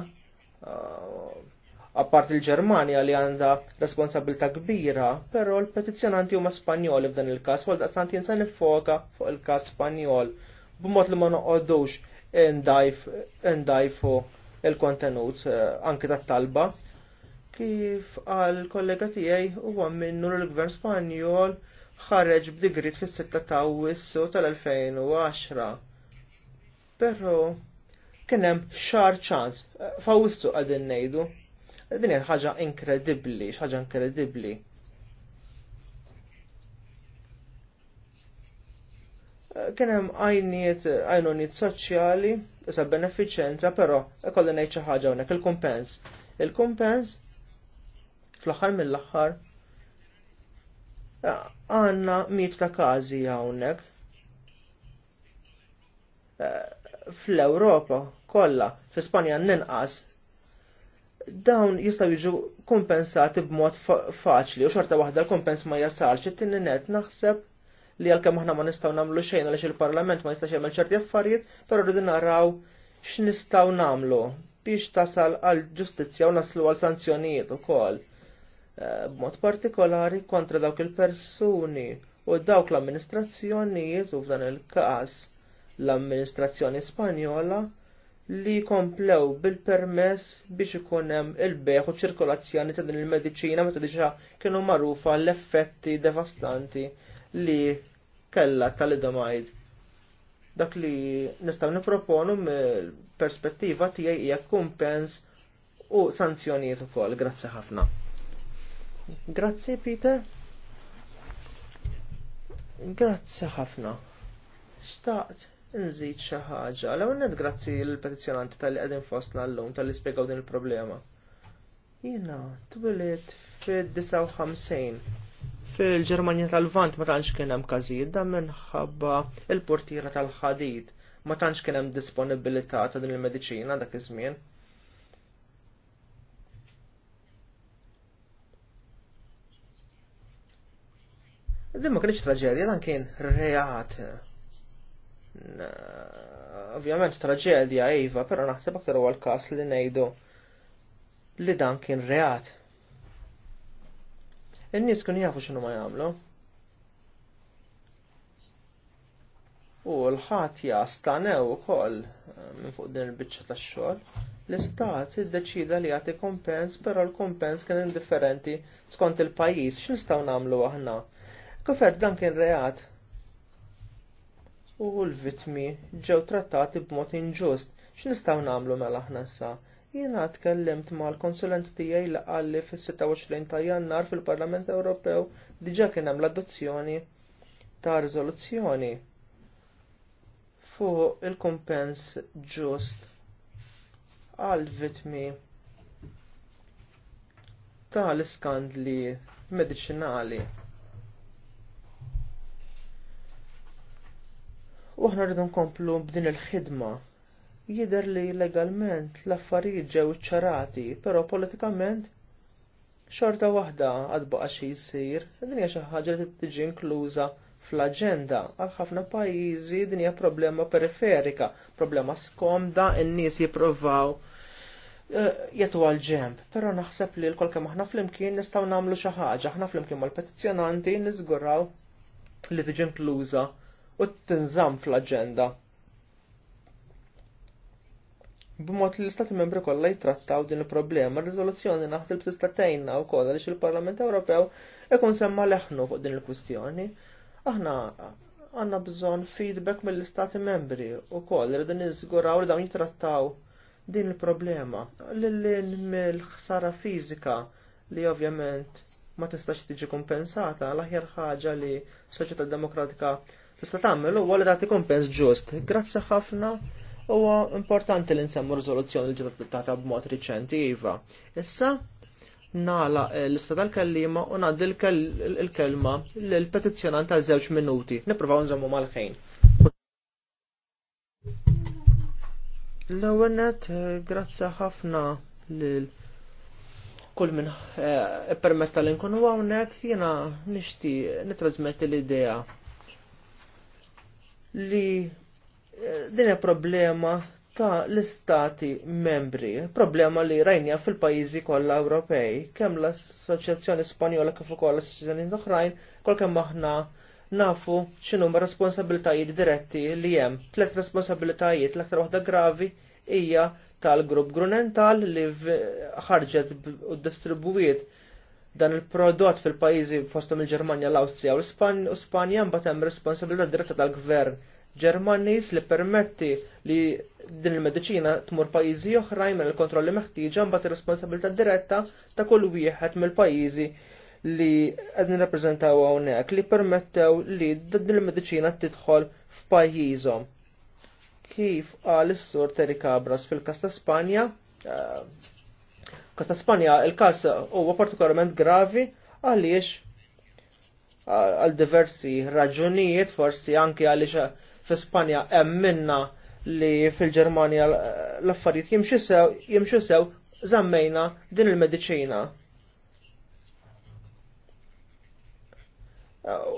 fl svezja Apart ah, il-Ġermanja li għandha responsabilità kbira, però l-petizzjonanti huma Spanjoli f'dan il-każ, għal daqstant jinsa nifoka fuq il-każ Spanjol b'mod li ma noqogħdux ndajfu il-kontenut eh, anke tat-talba kif għal kollega tiegħi huwa minnu l-Gvern Spanjol ħareġ b'digrit fis-6 ta' Awwissu tal-2010. Però kien hemm xar ċans fawussu qegħdin ngħidu. Din hija ħaġa inkredibbli, ħaġa inkredibbli. Kien hemm għajniet għajnuniet soċjali, issa beneficenza, però ikolli ngħid xi ħaġa hawnhekk il-kumpens. Il-kumpens fl-aħħar mill-aħħar għandna mit ta' każi hawnhekk eh, fl-Ewropa Kolla, fi Spanja ninqas dawn jistgħu jiġu kompensati b'mod faċli u xorta waħda l-kompens ma jasalx it tinni net naħseb li għalkemm aħna ma nistgħu nagħmlu xejn għaliex il-Parlament ma jistax jagħmel ċerti affarijiet, però rridu naraw x'nistgħu nagħmlu biex tasal għal ġustizzja u naslu għal sanzjonijiet ukoll. Eh, b'mod partikolari kontra dawk il-persuni u dawk l-amministrazzjonijiet u f'dan il-każ l-amministrazzjoni Spanjola li komplew bil-permess biex ikun hemm il-beħ u ċirkolazzjoni ta' din il-mediċina meta diġà kienu magħrufa l-effetti devastanti li kellha tal idomajd Dak li nistgħu nipproponu mill-perspettiva tiegħi hija kumpens u sanzjonijiet ukoll. Grazzi ħafna. Grazzi Peter. Grazzi ħafna. Staqt nżid xi ħaġa. L-ewwel grazzi l-petizzjonanti tal-li qegħdin fostna llum tal-li spjegaw din il-problema. Jiena twilet fid-59 fil-Ġermanja tal-Vant ma tantx kien hemm każijiet dan minħabba l portira tal-ħadid ma tantx kien hemm disponibilità ta' din il-mediċina dak iż-żmien. Din ma kienx traġedja dan kien reat Eh, ovvjament traġedja iva, però naħseb aktar u l-każ li ngħidu li dan kien reat. In-nies kienu jafu xinu ma jagħmlu. U l-ħadd jastanew ukoll eh, minn fuq din il-biċċa tax-xogħol. L-istat iddeċida li jagħti kompens, però l-kompens kien indifferenti skont il-pajjiż x'nistgħu nagħmlu aħna. Kufet dan kien reat u l-vitmi ġew trattati b'mod inġust. X'nistgħu nagħmlu mela aħna sa? Jiena tkellimt mal-konsulent tiegħi li qalli fis-26 ta' Jannar fil-Parlament Ewropew diġà kien hemm l-adozzjoni ta' riżoluzzjoni fuq il-kumpens ġust għal vittmi tal iskandli mediċinali. U aħna rridu nkomplu b'din il-ħidma. Jider li legalment l-affarijiet ġew iċċarati, però politikament xorta waħda għad baqa xi jsir, din hija xi ħaġa li tiġi inkluża fl-aġenda għal ħafna pajjiżi din hija problema periferika, problema skomda n-nies jippruvaw eh, jetu għal ġemp, pero naħseb li l-kol kem aħna flimkien nistgħu nistaw namlu xaħġa, aħna flimkien mal-petizjonanti nizgurraw li tiġi inkluża u tinżamm fl agenda B'mod li l-Istati membri kollha jitrattaw din il-problema, r-riżoluzzjoni naħseb tista' tgħinna wkoll għaliex il-Parlament Ewropew ikun semma leħnu fuq din il-kwistjoni. Aħna għandna bżonn feedback mill-Istati membri wkoll irridu iżguraw li dawn jitrattaw din il-problema lil mill-ħsara fiżika li ovvjament ma tistax tiġi kompensata l-aħjar ħaġa li soċjetà demokratika tista' tagħmel huwa li tagħti kompens ġust. Grazzi ħafna huwa importanti li nsemmu riżoluzzjoni li ġiet adottata b'mod riċenti iva. Issa nala eh, l istat tal-kellima u ngħaddi l-kelma l petizjonant ta' żewġ minuti. Nippruvaw nżommu mal-ħin. L-ewwel eh, grazzi ħafna lil kull minn eh, permetta li nkunu hawnhekk jiena nishti nitrażmetti l-idea li eh, din problema ta' l-istati membri, problema li rajnija fil-pajizi kollha Ewropej, kemm l-Assoċjazzjoni Spanjola kif ukoll l-Assoċjazzjoni oħrajn, kol kemm aħna nafu x'inhuma responsabiltajiet diretti li hemm. Tliet responsabiltajiet l-aktar waħda gravi hija tal-grupp Grunental li ħarġet u distribuiet dan il-prodott fil-pajjiżi fostom il-Ġermanja, l austria u l-Spanja mbagħad hemm responsabilità diretta tal-gvern Ġermaniż li permetti li din il-mediċina tmur pajjiżi oħrajn minn il-kontrolli meħtieġa mbagħad ir-responsabilità diretta ta' kull wieħed mill-pajjiżi li qed nirrappreżentaw hawnhekk li permettew li din il-mediċina tidħol f'pajjiżhom. Kif qal is-sur Terry Cabras fil-kas ta' Spanja, Kas ta' Spanja il-kas huwa partikolarment gravi għaliex għal diversi raġunijiet forsi anki għaliex fi Spanja hemm minna li fil-Ġermanja l-affarijiet jimxu sew jimxu sew zammejna din il-mediċina.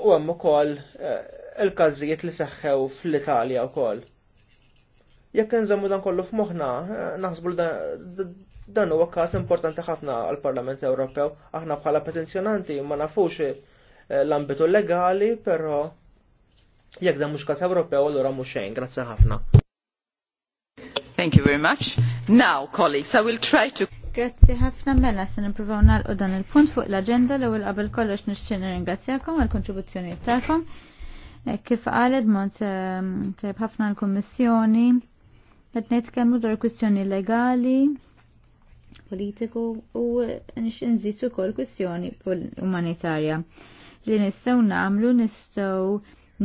U hemm ukoll e, il-każijiet li seħħew fl-Italja wkoll. Jekk nżammu dan kollu f'moħħna, e, naħsbu Dan huwa każ importanti ħafna għall parlament Ewropew. Aħna bħala petenzjonanti ma nafux eh, l-ambitu legali, però jekk dan mhux każ Ewropew allura mhux xejn. Grazzi ħafna. Thank you very much. Now, colleagues, I will try to Grazzi ħafna mela se nippruvaw nagħlqu dan il-punt fuq l-aġenda l-ewwel qabel kollox nixtieq nirringrazzjakom għall kontribuzzjonijiet tagħkom. Eh, kif qalet mont eh, ħafna l-Kummissjoni qed nitkellmu dwar kwistjoni legali politiku u nxinżitu kol kwistjoni umanitarja. Li nistgħu nagħmlu nistgħu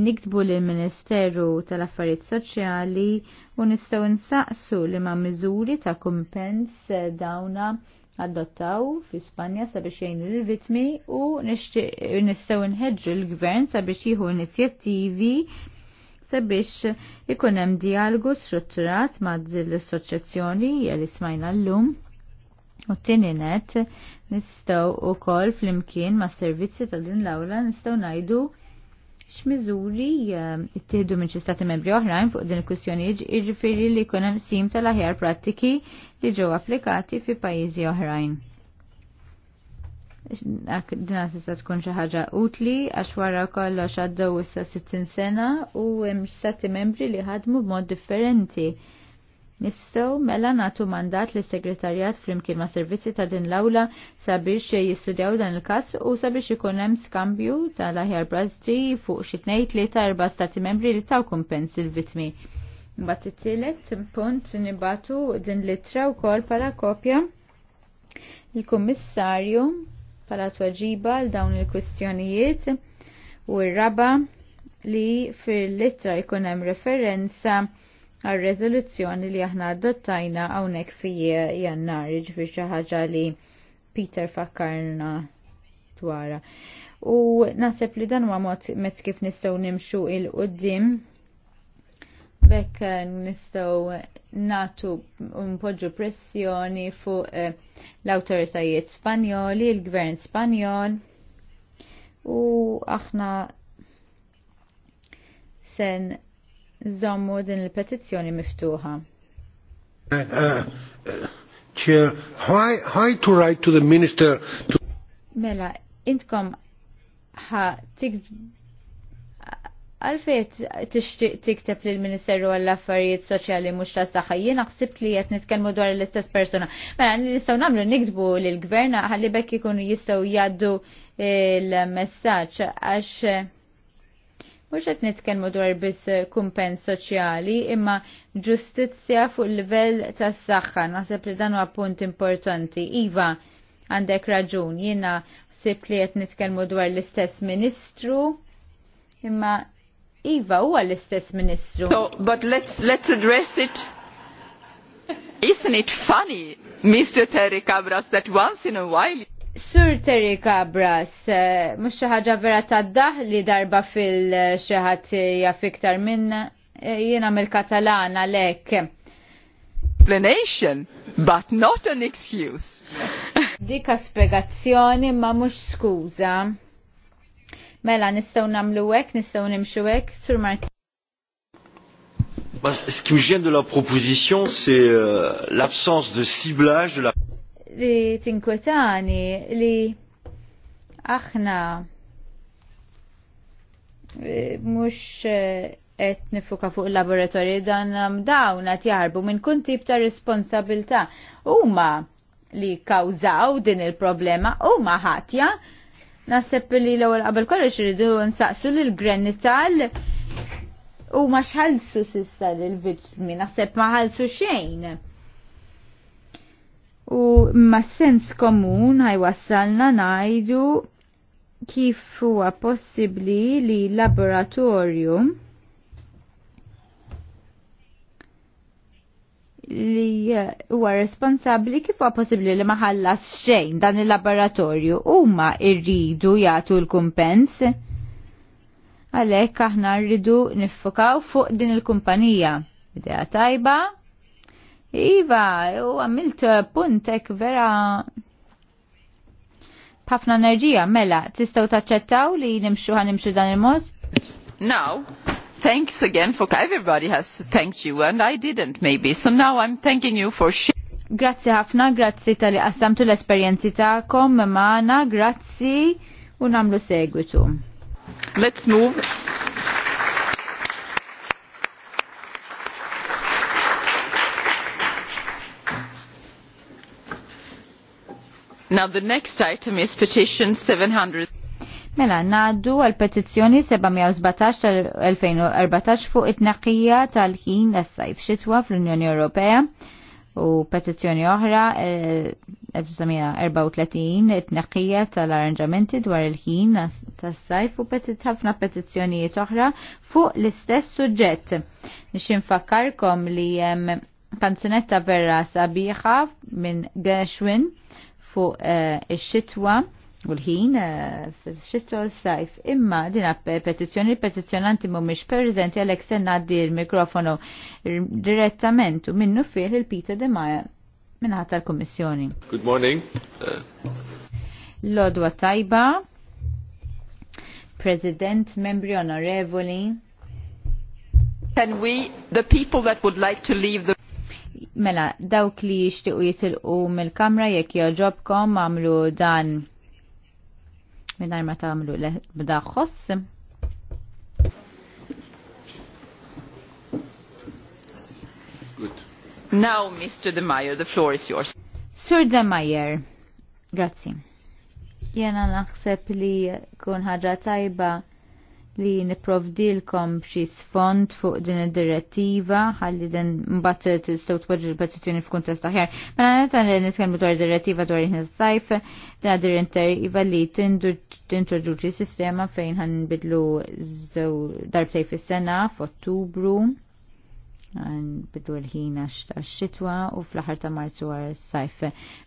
niktbu li ministeru tal-Affarijiet Soċjali u nistgħu nsaqsu li ma' miżuri ta' kumpens dawna adottaw fi Spanja sabiex jgħin l-vitmi u nistgħu nħedġu l-gvern sabiex jieħu inizjattivi sabiex ikun hemm strutturat ma' l jgħal ismajna l llum U t-tini net nistaw u kol fl-imkien ma' servizzi ta' din l-awla nistaw najdu x'miżuri jittieħdu ehm, minn xi stati membri oħrajn fuq din il-kwistjonijiet irriferi li jkun hemm sim tal-aħjar prattiki li ġew applikati fi pajjiżi oħrajn. Dina tista' tkun xi ħaġa utli għax wara kollox għaddew issa 60 sena u hemm stati membri li ħadmu b'mod differenti Nistow, mela nagħtu mandat lis segretarjat flimkien ma' servizzi ta' din l-awla sabiex jistudjaw dan il-każ u sabiex ikun hemm skambju tal-aħjar brażdi fuq xi tnejn tlieta erba' stati membri li taw kumpens il-vitmi. Mbagħad it-tielet punt nibatu din litra wkoll bħala kopja il-Kummissarju bħala twaġiba l dawn il-kwistjonijiet u r-raba li fil-litra jkun hemm referenza għal rezoluzzjoni li aħna adottajna hawnhekk fija jannar ġifier xi ħaġa li Peter fakkarna dwarha. U naħseb li dan huwa mod mezz kif nistgħu nimxu il qudiem bekk eh, nistgħu natu mpoġġu pressjoni fuq eh, l-awtoritajiet Spanjoli, il-Gvern Spanjol u aħna sen żommu din il-petizzjoni miftuħa. Uh, uh, uh, Chair, hi to write to the minister to... Mela, intkom tik għalfejt tixtieq tikteb l ministeru għall affarijiet soċjali mhux ta' saħħa jiena ħsibt li qed nitkellmu dwar l-istess persona. Mela nistgħu nagħmlu niktbu lill gvern ħalli bekk ikunu jistgħu jgħaddu l-messaġġ għax Mhux qed nitkellmu dwar biss kumpens soċjali imma ġustizzja fuq il-livell tas-saħħa naħseb li dan huwa punt importanti. Iva, għandek raġun, jiena sib li qed nitkellmu dwar l-istess ministru imma Iva huwa l-istess ministru. So, but let's, let's address it. Isn't it funny, Mr. Terry Cabras, that once in a while Sur Terry Cabras, eh, mux ħaġa vera ta' li darba fil-xaħat eh, jafiktar minn eh, jena mil-Katalana lek. Explanation, but not an excuse. Dika spiegazzjoni ma mux skuza. Mela, nistaw namlu wek, nistaw nimxu wek, Sur Martin. Ce qui me gêne de la proposition, c'est euh, l'absence de ciblage de la li tinkwetani li aħna eh, mhux eh, qed nifuka fuq il-laboratorji dan um, dawn qed jaħarbu minn kun tip ta' responsabilità. Huma li kawżaw din il-problema huma ħatja. Naħseb li l-ewwel qabel kollox iridu nsaqsu lil Grenital u ma xħalsu sissa lil vittmi naħseb ma ħalsu xejn u ma sens komun wassalna najdu kif huwa possibbli li laboratorju li huwa responsabbli kif huwa possibbli li ma ħallas xejn dan il-laboratorju huma rridu jagħtu l-kumpens għalhekk aħna rridu niffokaw fuq din il-kumpanija. Idea tajba, Iva, u għamilt puntek vera pafna enerġija, mela, tistaw taċċettaw li nimxu ħanimxu dan il-mod? Now, thanks again for everybody has thanked you and I didn't maybe, so now I'm thanking you for sharing. Grazzi ħafna, grazzi tal-li qassamtu l-esperienzi ta'kom, maħna, grazzi u namlu segwitu. Let's move Now the next item is petition 700. Mela, naddu għal petizzjoni 717 tal-2014 fuq it-naqija tal-ħin tas-sajf xitwa fl-Unjoni Ewropea u petizzjoni oħra 1934 eh, it-naqija tal-arranġamenti dwar il-ħin tas-sajf u ħafna petizzjonijiet oħra fuq l-istess suġġett. Nix infakkarkom li kanzunetta verra sabiħa minn Gershwin fuq eh, il xitwa u l-ħin eh, fil-xitwa u s-sajf. Imma dina petizjoni, petizjonanti mu mumiex prezenti għalek senna naddi il-mikrofonu direttament u minnu fih il-Peter De Maja minnaħat tal-Kommissjoni. Good morning. Lodwa Tajba, President, membri onorevoli. Can we, the people that would like to leave the Mela, dawk li jixtiequ jitilqu mill-kamra jekk joġobkom għamlu dan minn ma tagħmlu bda ħoss. Now, Mr. De Meyer, the floor is yours. Sir De Meyer, grazie. Jena naħseb li kun ħaġa tajba li niprovdilkom xi sfond fuq din id-direttiva ħalli din mbagħad tistgħu tpoġġu l-petizzjoni f'kuntest aħjar. Mela meta nitkellmu dwar direttiva dwar ħin sajf ta' direttiva li tintroduċi sistema fejn ħanbidlu żew darbtej fis-sena f'Ottubru bidu l-ħin għax-xitwa u fl-ħar ta' marzu għar sajf.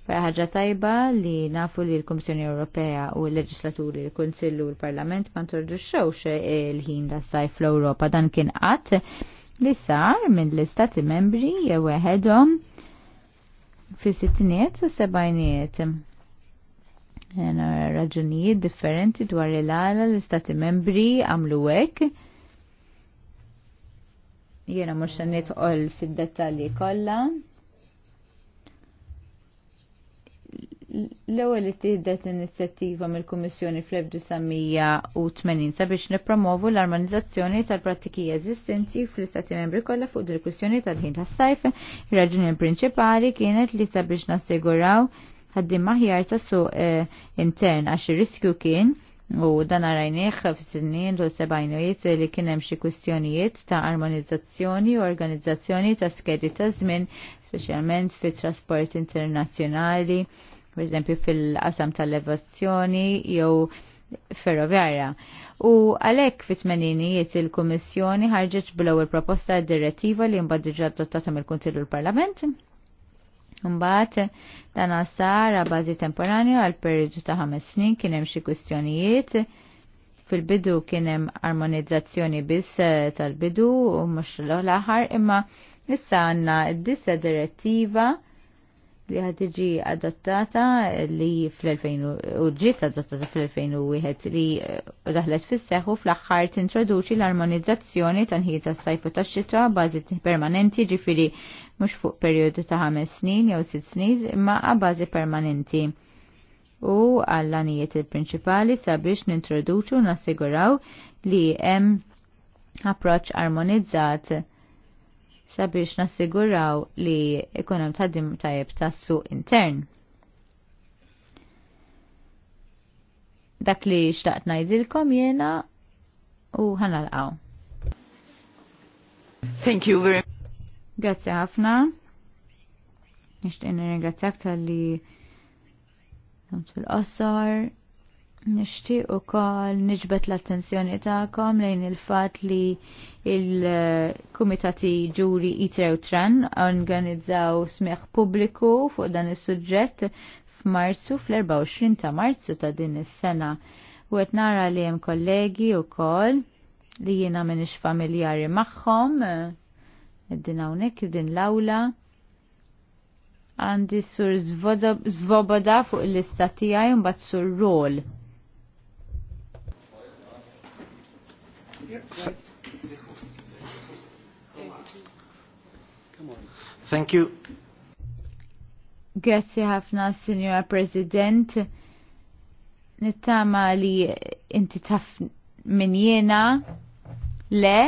Para ħagġa tajba li nafu li l-Komissjoni Ewropea u l-Leġislaturi, l-Konsillu u l-Parlament ma xewx l-ħin ta' sajf l ewropa dan kien qatt li sar minn l-Istati membri jew eħedhom fi sittiniet u sebajniet raġunijiet differenti dwar il-għala l-istati membri għamlu hekk Jiena mhux se nidħol fid-dettalji kollha. L-ewwel li tieħdet inizjattiva mill-Kummissjoni fl-1980 sabiex nippromovu l-armonizzazzjoni tal-prattiki eżistenti fl-Istati Membri kollha fuq il kwistjoni tal-ħin tas-sajf. Ir-raġuni prinċipali kienet li sabiex nassiguraw ħaddim maħjar ta' suq eh, intern għax ir-riskju kien U dan arajnieħ f'sinnin u sebajnijiet li kien hemm xi kwistjonijiet ta' armonizzazzjoni u organizzazzjoni ta' skedi ta' żmien, speċjalment fit-trasport internazzjonali, per fil-qasam tal-levazzjoni jew ferroviarja. U għalek fit-tmeninijiet il-Kummissjoni ħarġet bl-ewwel proposta direttiva li mbagħad diġà adottata mill-Kunsill u l-Parlament Mbagħad dan għasar bażi temporanju għal periodu ta' ħames snin kien hemm xi kwistjonijiet fil-bidu kien hemm armonizzazzjoni biss eh, tal-bidu u mhux l-aħħar imma issa għandna d-disa direttiva li ħatiġi adottata li fl-2000 u ġiet adottata fl-2001 li eh, daħlet fis-seħħu fl-aħħar tintroduċi l-armonizzazzjoni tanħiet tas-sajfu tax-xitra bażi permanenti ġifiri mhux fuq perjodu ta' ħames snin jew sitt snin imma bażi permanenti. U għall għanijiet il-prinċipali sabiex nintroduċu nassiguraw li hemm approċċ armonizzat sabiex nassiguraw li ikun hemm tħaddim tajjeb tas intern. Dak li xtaqt ngħidilkom jiena u ħanalqaw. Thank you very much. Grazie ħafna. Nixtieq nirringrazzjak tal-li fil-qosor Nishtiq u kol nġbet l-attenzjoni ta'kom lejn il-fat li il-Kumitati Ġuri Itrew organizzaw smieħ publiku fuq dan is suġġett f'Marzu fl-24 ta' Marzu ta' din is-sena. U qed nara li hemm kollegi u kol li jiena m'iniex familjari magħhom din hawnhekk din l-awla. Għandi sur Zvoboda fuq l-lista tiegħi u mbagħad sur Rol. Thank you. Grazie ħafna, Signora President. Nittama li inti taf min jena le.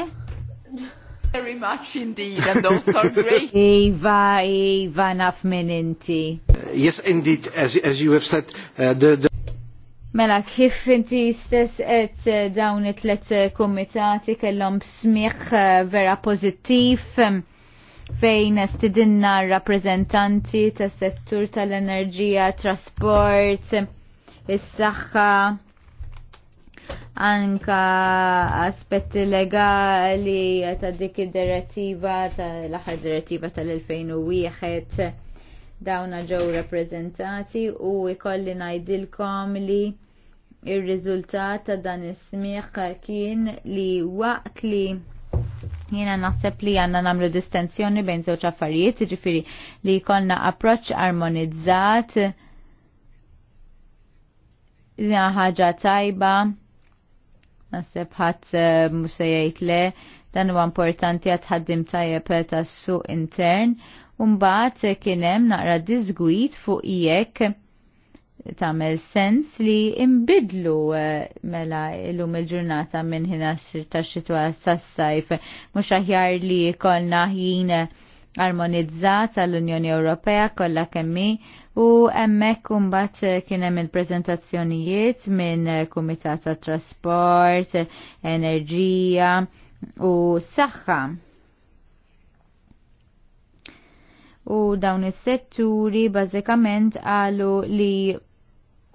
Very much indeed, and those are great. Iva, Iva, naf min inti. Yes, indeed, as, as you have said, uh, the, the Mela, kif inti stess et eh, dawn it-tlet eh, komitati kellhom smiħ eh, vera pozittiv fejn stidinna rappresentanti tas settur tal-enerġija, trasport, is-saħħa, anka aspetti legali ta' dik id-direttiva tal-aħħar direttiva tal-2001 dawna ġew rappreżentati u ikolli ngħidilkom li r riżultat ta' dan is smigħ kien li waqt li jiena naħseb li għanna namlu distenzjoni bejn żewġ affarijiet, ġifiri li jkollna approċċ armonizzat, zina ħagġa tajba, naħseb ħat eh, musejjajt le, dan huwa importanti għat ħaddim tajjeb tas-suq intern Umbaħt kienem naqra dizgwit fuq jekk tamel sens li imbidlu eh, mela l-lum il-ġurnata minn ħina ta' xitwa sassajf mux aħjar li kolna ħin armonizzat għall-Unjoni Ewropea kollha kemmi u hemmhekk imbagħad kien hemm il-preżentazzjonijiet minn Kumitat tat Trasport, Enerġija u Saħħa u dawn is-setturi bażikament qalu li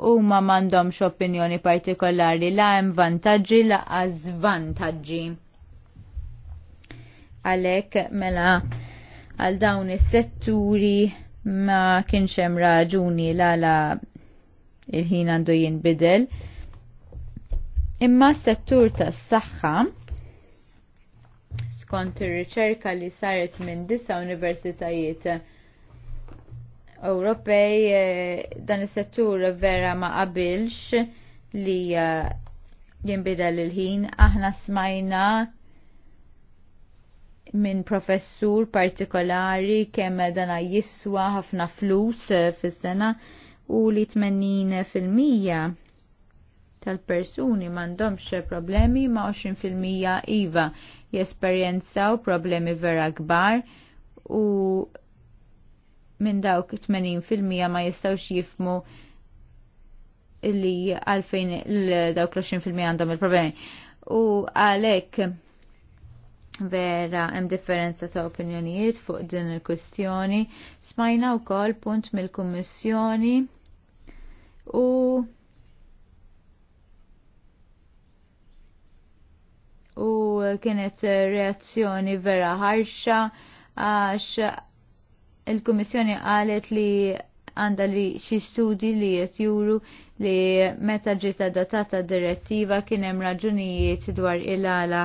huma m'għandhomx opinjoni partikolari la hemm vantaġġi la vantaġġi. Għalhekk mela għal dawn is-setturi ma kienx hemm raġuni la la il-ħin għandu jinbidel. Imma s-settur tas-saħħa skont ir-riċerka li saret minn disa universitajiet Ewropej eh, dan is-settur vera ma qabilx li eh, jinbidel il-ħin. Aħna smajna minn professur partikolari kemm dan jiswa ħafna flus eh, fis-sena u li 80 fil-mija tal-persuni m'għandhomx problemi ma' 20% iva jesperjenzaw problemi vera kbar u minn dawk 80% ma jistawx jifmu li għalfejn dawk l-20% għandhom il-problemi. U għalek vera hemm differenza ta' opinjonijiet fuq din il-kwistjoni. Smajna wkoll punt mill-Kummissjoni u u kienet reazzjoni vera ħarxa għax il-Kummissjoni qalet li għanda li xi studi li juru li meta ġiet adottata direttiva kien hemm raġunijiet dwar il-għala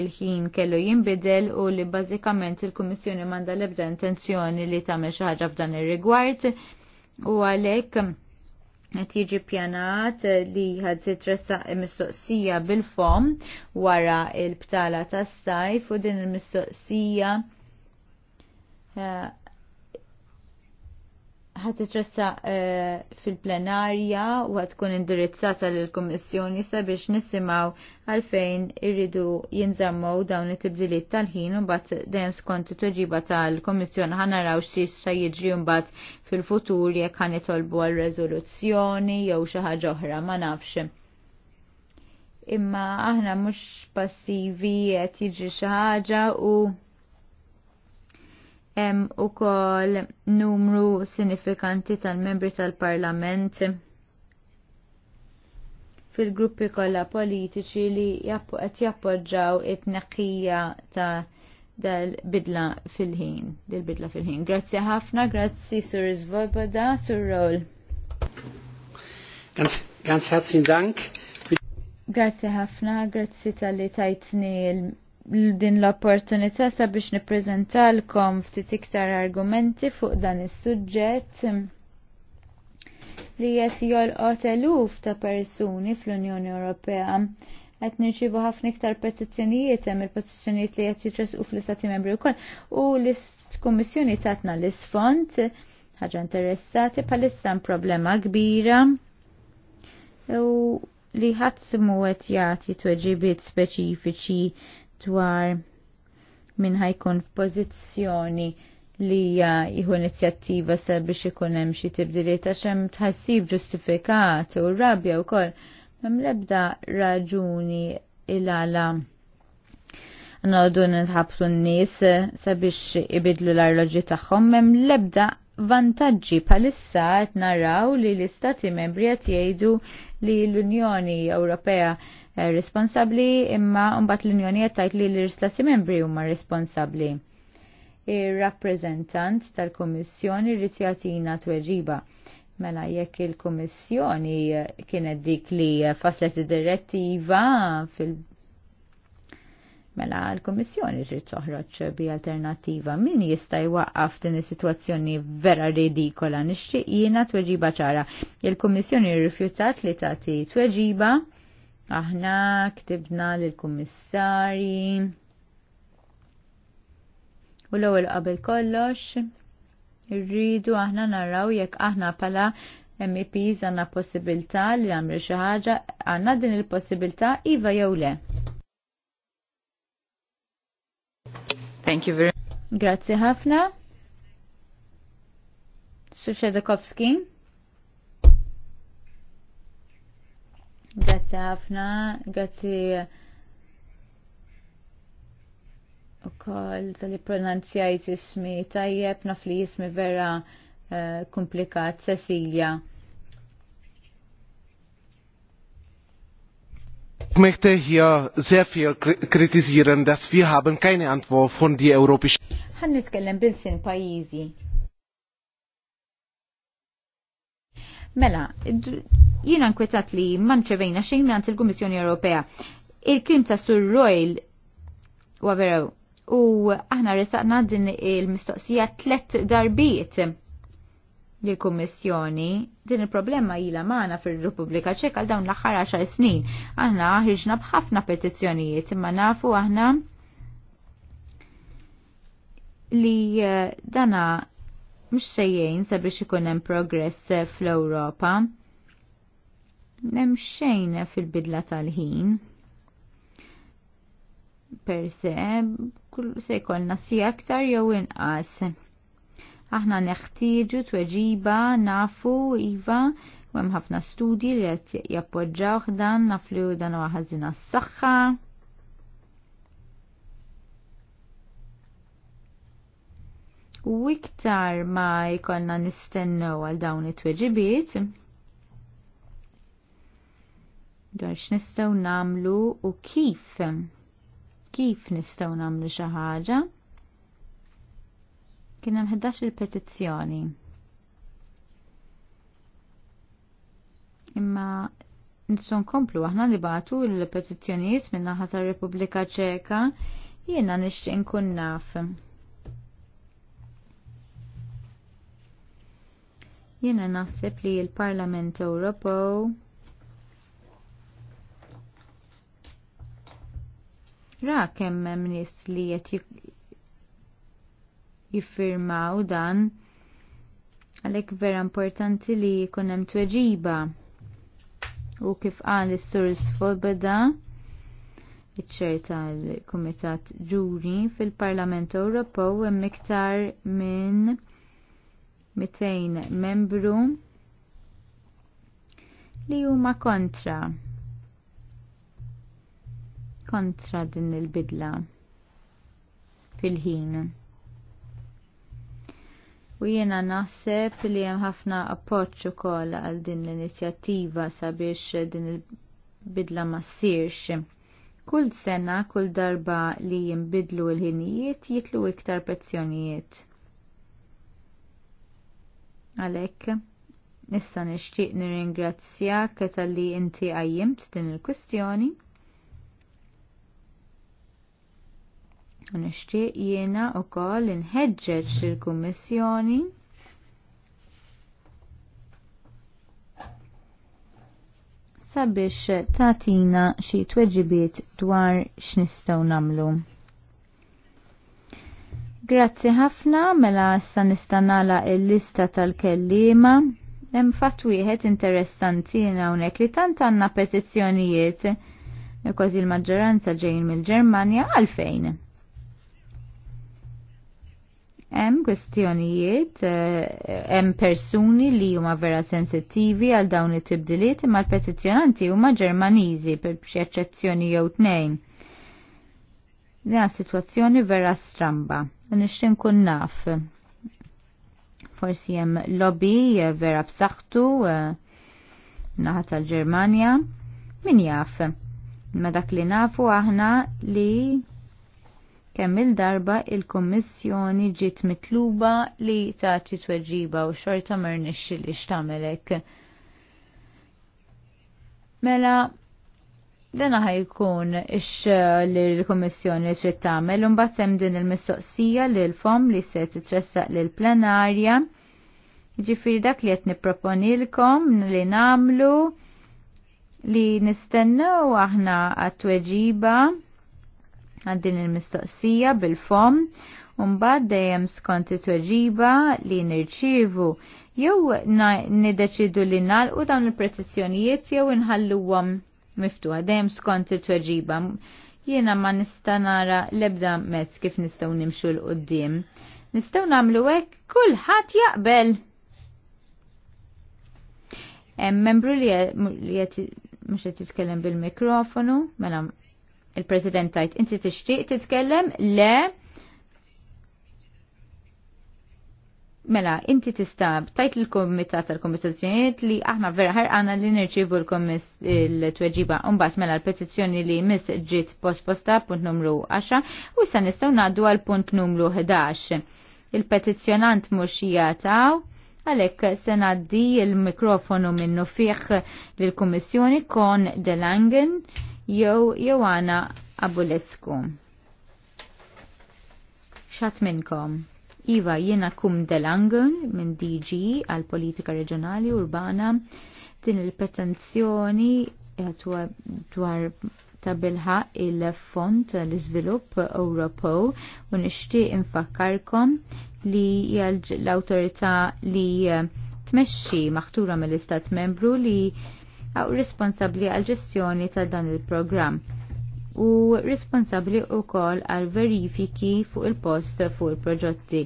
il-ħin kellu jinbidel u li bażikament il-Kummissjoni m'għandha l-ebda intenzjoni li tagħmel xi ħaġa f'dan ir-rigward u għalhekk tiġi jiġi pjanat li ħad titressa mistoqsija bil-fom wara l btala tas-sajf u din il-mistoqsija eh, ħat titressa eh, fil-plenarja u għat tkun indirizzata l-Komissjoni sabiex nisimaw għalfejn irridu jinżammaw dawn it-tibdiliet tal-ħin un bat dejjem skont it-tweġiba tal-Komissjoni ħanaraw x'sis sa jiġri bat fil-futur jekk ħan itolbu għal rezoluzzjoni jew xi ħaġa oħra ma nafx. Imma aħna mhux passivi qed jiġri xi ħaġa u hemm ukoll numru sinifikanti tal-membri tal-Parlament fil-gruppi kollha politiċi li qed jappoġġaw it-tneqqija ta' dal-bidla fil-ħin, dil-bidla fil-ħin. Grazzi ħafna, grazzi Sur Svoboda, Sur Roll. Ganz, ganz herzlichen Dank. Grazzi ħafna, grazzi tal-li tajtni din l-opportunità sabiex niprezentalkom ftit iktar argumenti fuq dan is-suġġett li qed jolqot eluf ta' persuni fl-Unjoni Ewropea qed nirċievu ħafna iktar petizzjonijiet hemm il-petizzjonijiet li qed jiċresqu fl-Istati Membri wkoll u l-Kummissjoni tatna l-isfond ħaġa interessati bħalissa problema kbira u li ħadd simu qed jagħti tweġibiet speċifiċi dwar minn ħajkun f'pożizzjoni li hija jieħu inizjattiva sabiex ikun hemm xi tibdiliet għax hemm tħassib ġustifikat u rabja wkoll m'hemm l-ebda raġuni il-għala noqogħdu nitħabtu n-nies sabiex ibidlu l-arloġġi tagħhom hemm l-ebda vantaġġi palissa qed naraw li l-istati membri qed jgħidu li l-Unjoni Ewropea Eh, responsabli imma mbagħad l-Unjoni qed li l-istati membri huma responsabbli. Ir-rappreżentant tal-Kummissjoni rrid jagħtina tweġiba. Mela jekk il-Kummissjoni kienet dik li faslet id-direttiva fil- Mela l-Kommissjoni trid toħroġ bi alternattiva min jista' jwaqqaf din is-sitwazzjoni vera ridikola nixtieq jiena tweġiba ċara. Il-Kummissjoni rrifjutat li tagħti tweġiba Aħna ktibna lill kummissari u l-ewwel qabel kollox irridu aħna naraw jekk aħna pala MEPs għanna possibilità li għamlu xi ħaġa għandna din il-possibilità iva jew le. Thank you very much. Grazzi ħafna. Sushedekowski. Grazie ħafna, grazie u koll tal-li pronunzjajt ismi tajjeb naf li jismi vera eh, komplikat Cecilia. Ich möchte hier sehr viel kritisieren, dass wir haben keine Antwort von die europäische. Hannitkellem bil-sin pajizi. Mela, jiena nkwetat li manċevejna xejn minn il-Kummissjoni Ewropea. il krim ta' Sur Royal huwa verew u aħna resaqna din il-mistoqsija tlet darbiet li kummissjoni din il-problema jila maħna fil republika ċek għal dawn l-axar 10 snin. Aħna ħriġna bħafna petizzjonijiet imma nafu aħna li eh, dana mhux sejjejn sabiex ikun hemm progress eh, fl-Ewropa. Nem xejn fil-bidla tal-ħin. Per se, kull se jkollna si aktar jew inqas. Aħna neħtieġu tweġiba nafu iva u hemm ħafna studji li qed jappoġġaw dan naflu dan huwa ħażina s-saħħa u iktar ma jkollna nistennew għal dawn it-tweġibiet dwar x'nistgħu nagħmlu u kif kif nistgħu nagħmlu xi ħaġa. Kien hemm 11 il-petizzjoni. Imma nistgħu nkomplu aħna li bagħtu l-petizzjonijiet minn naħa tar-Repubblika Ċeka jiena nixtieq nkun naf Jiena naħseb li l-Parlament Ewropew ra kemm hemm nies li qed jiffirmaw dan għalhekk vera importanti li jkun hemm tweġiba u kif qal is-sur Svoboda iċċerta l-Kumitat Ġuri fil-Parlament Ewropew hemm iktar minn 200 membru li huma kontra kontra din il-bidla fil-ħin. U jiena naħseb li hemm ħafna appoġġ ukoll għal din l-inizjattiva sabiex din il-bidla ma ssirx. Kull sena, kull darba li jinbidlu l-ħinijiet jitlu iktar pezzjonijiet. Għalhekk issa nixtieq nirringrazzjak tal-li inti għajjimt din il-kwistjoni. Nixtieq jiena wkoll inħeġġeġ il-Kummissjoni sabiex tatina xi tweġibiet dwar x'nistgħu nagħmlu. Grazzi ħafna mela issa nistanala il-lista tal-kellima. Hemm fatt wieħed interessanti hawnhekk li tant għandna petizzjonijiet kważi l-maġġoranza ġejjin mill-Ġermanja għalfejn. Hemm kwestjonijiet, eh, hemm persuni li huma vera sensittivi għal dawn it-tibdiliet imma l-petizzjonanti huma Ġermaniżi b'xi eċċezzjoni jew tnejn Dina situazzjoni vera stramba. Nishtin kun naf. Forsi jem lobby vera b'saħħtu eh, naħat tal-Ġermanja. Min jaf? Ma dak li nafu aħna li kemm il-darba il-Kommissjoni ġiet mitluba li tagħti tweġiba u xorta mernix li xtamelek. Mela Dena ħajkun ix li l-Komissjoni trid tagħmel u mbagħad hemm din il-mistoqsija lil fom li se titressaq lil plenarja. Ġifieri dak li qed nipproponilkom li nagħmlu li nistennew aħna għat-tweġiba għad din il-mistoqsija bil-fom Umbad dejjem skont it-tweġiba li nirċivu jew nideċidu li nalqu dawn il-petizzjonijiet jew inħalluhom miftuħa dejjem skont it-tweġiba. Jiena ma nista' nara l-ebda mezz kif nistgħu nimxu l qudiem Nistgħu nagħmlu hekk kulħadd jaqbel. Hemm membru li qed mhux qed jitkellem bil-mikrofonu, mela il-President tajt inti tixtieq titkellem le Mela, inti tista' tajt il-komitat tal-komitazzjoniet li aħna vera ħarqana li nirċivu l-komiss il-tweġiba unbat mela l-petizzjoni li mis ġiet posposta punt numru 10 u issa nistgħu ngħaddu għal punt numru 11. Il-petizzjonant mhux jataw għalhekk se ngħaddi il-mikrofonu minnu fiħ lill-Kummissjoni kon Delangen jew Jowana Abulescu. Xat minnkom. Iva, jiena kum delangun minn DG għal politika reġjonali urbana din il-petenzjoni eh, dwar tabilħa il-Fond l-Iżvilupp Ewropew u nixtieq infakkarkom li l-awtorità li eh, tmexxi maħtura mill-Istat Membru li għaw responsabli għal ġestjoni ta' dan il-programm u responsabli u kol għal verifiki fuq il-post fuq il-proġetti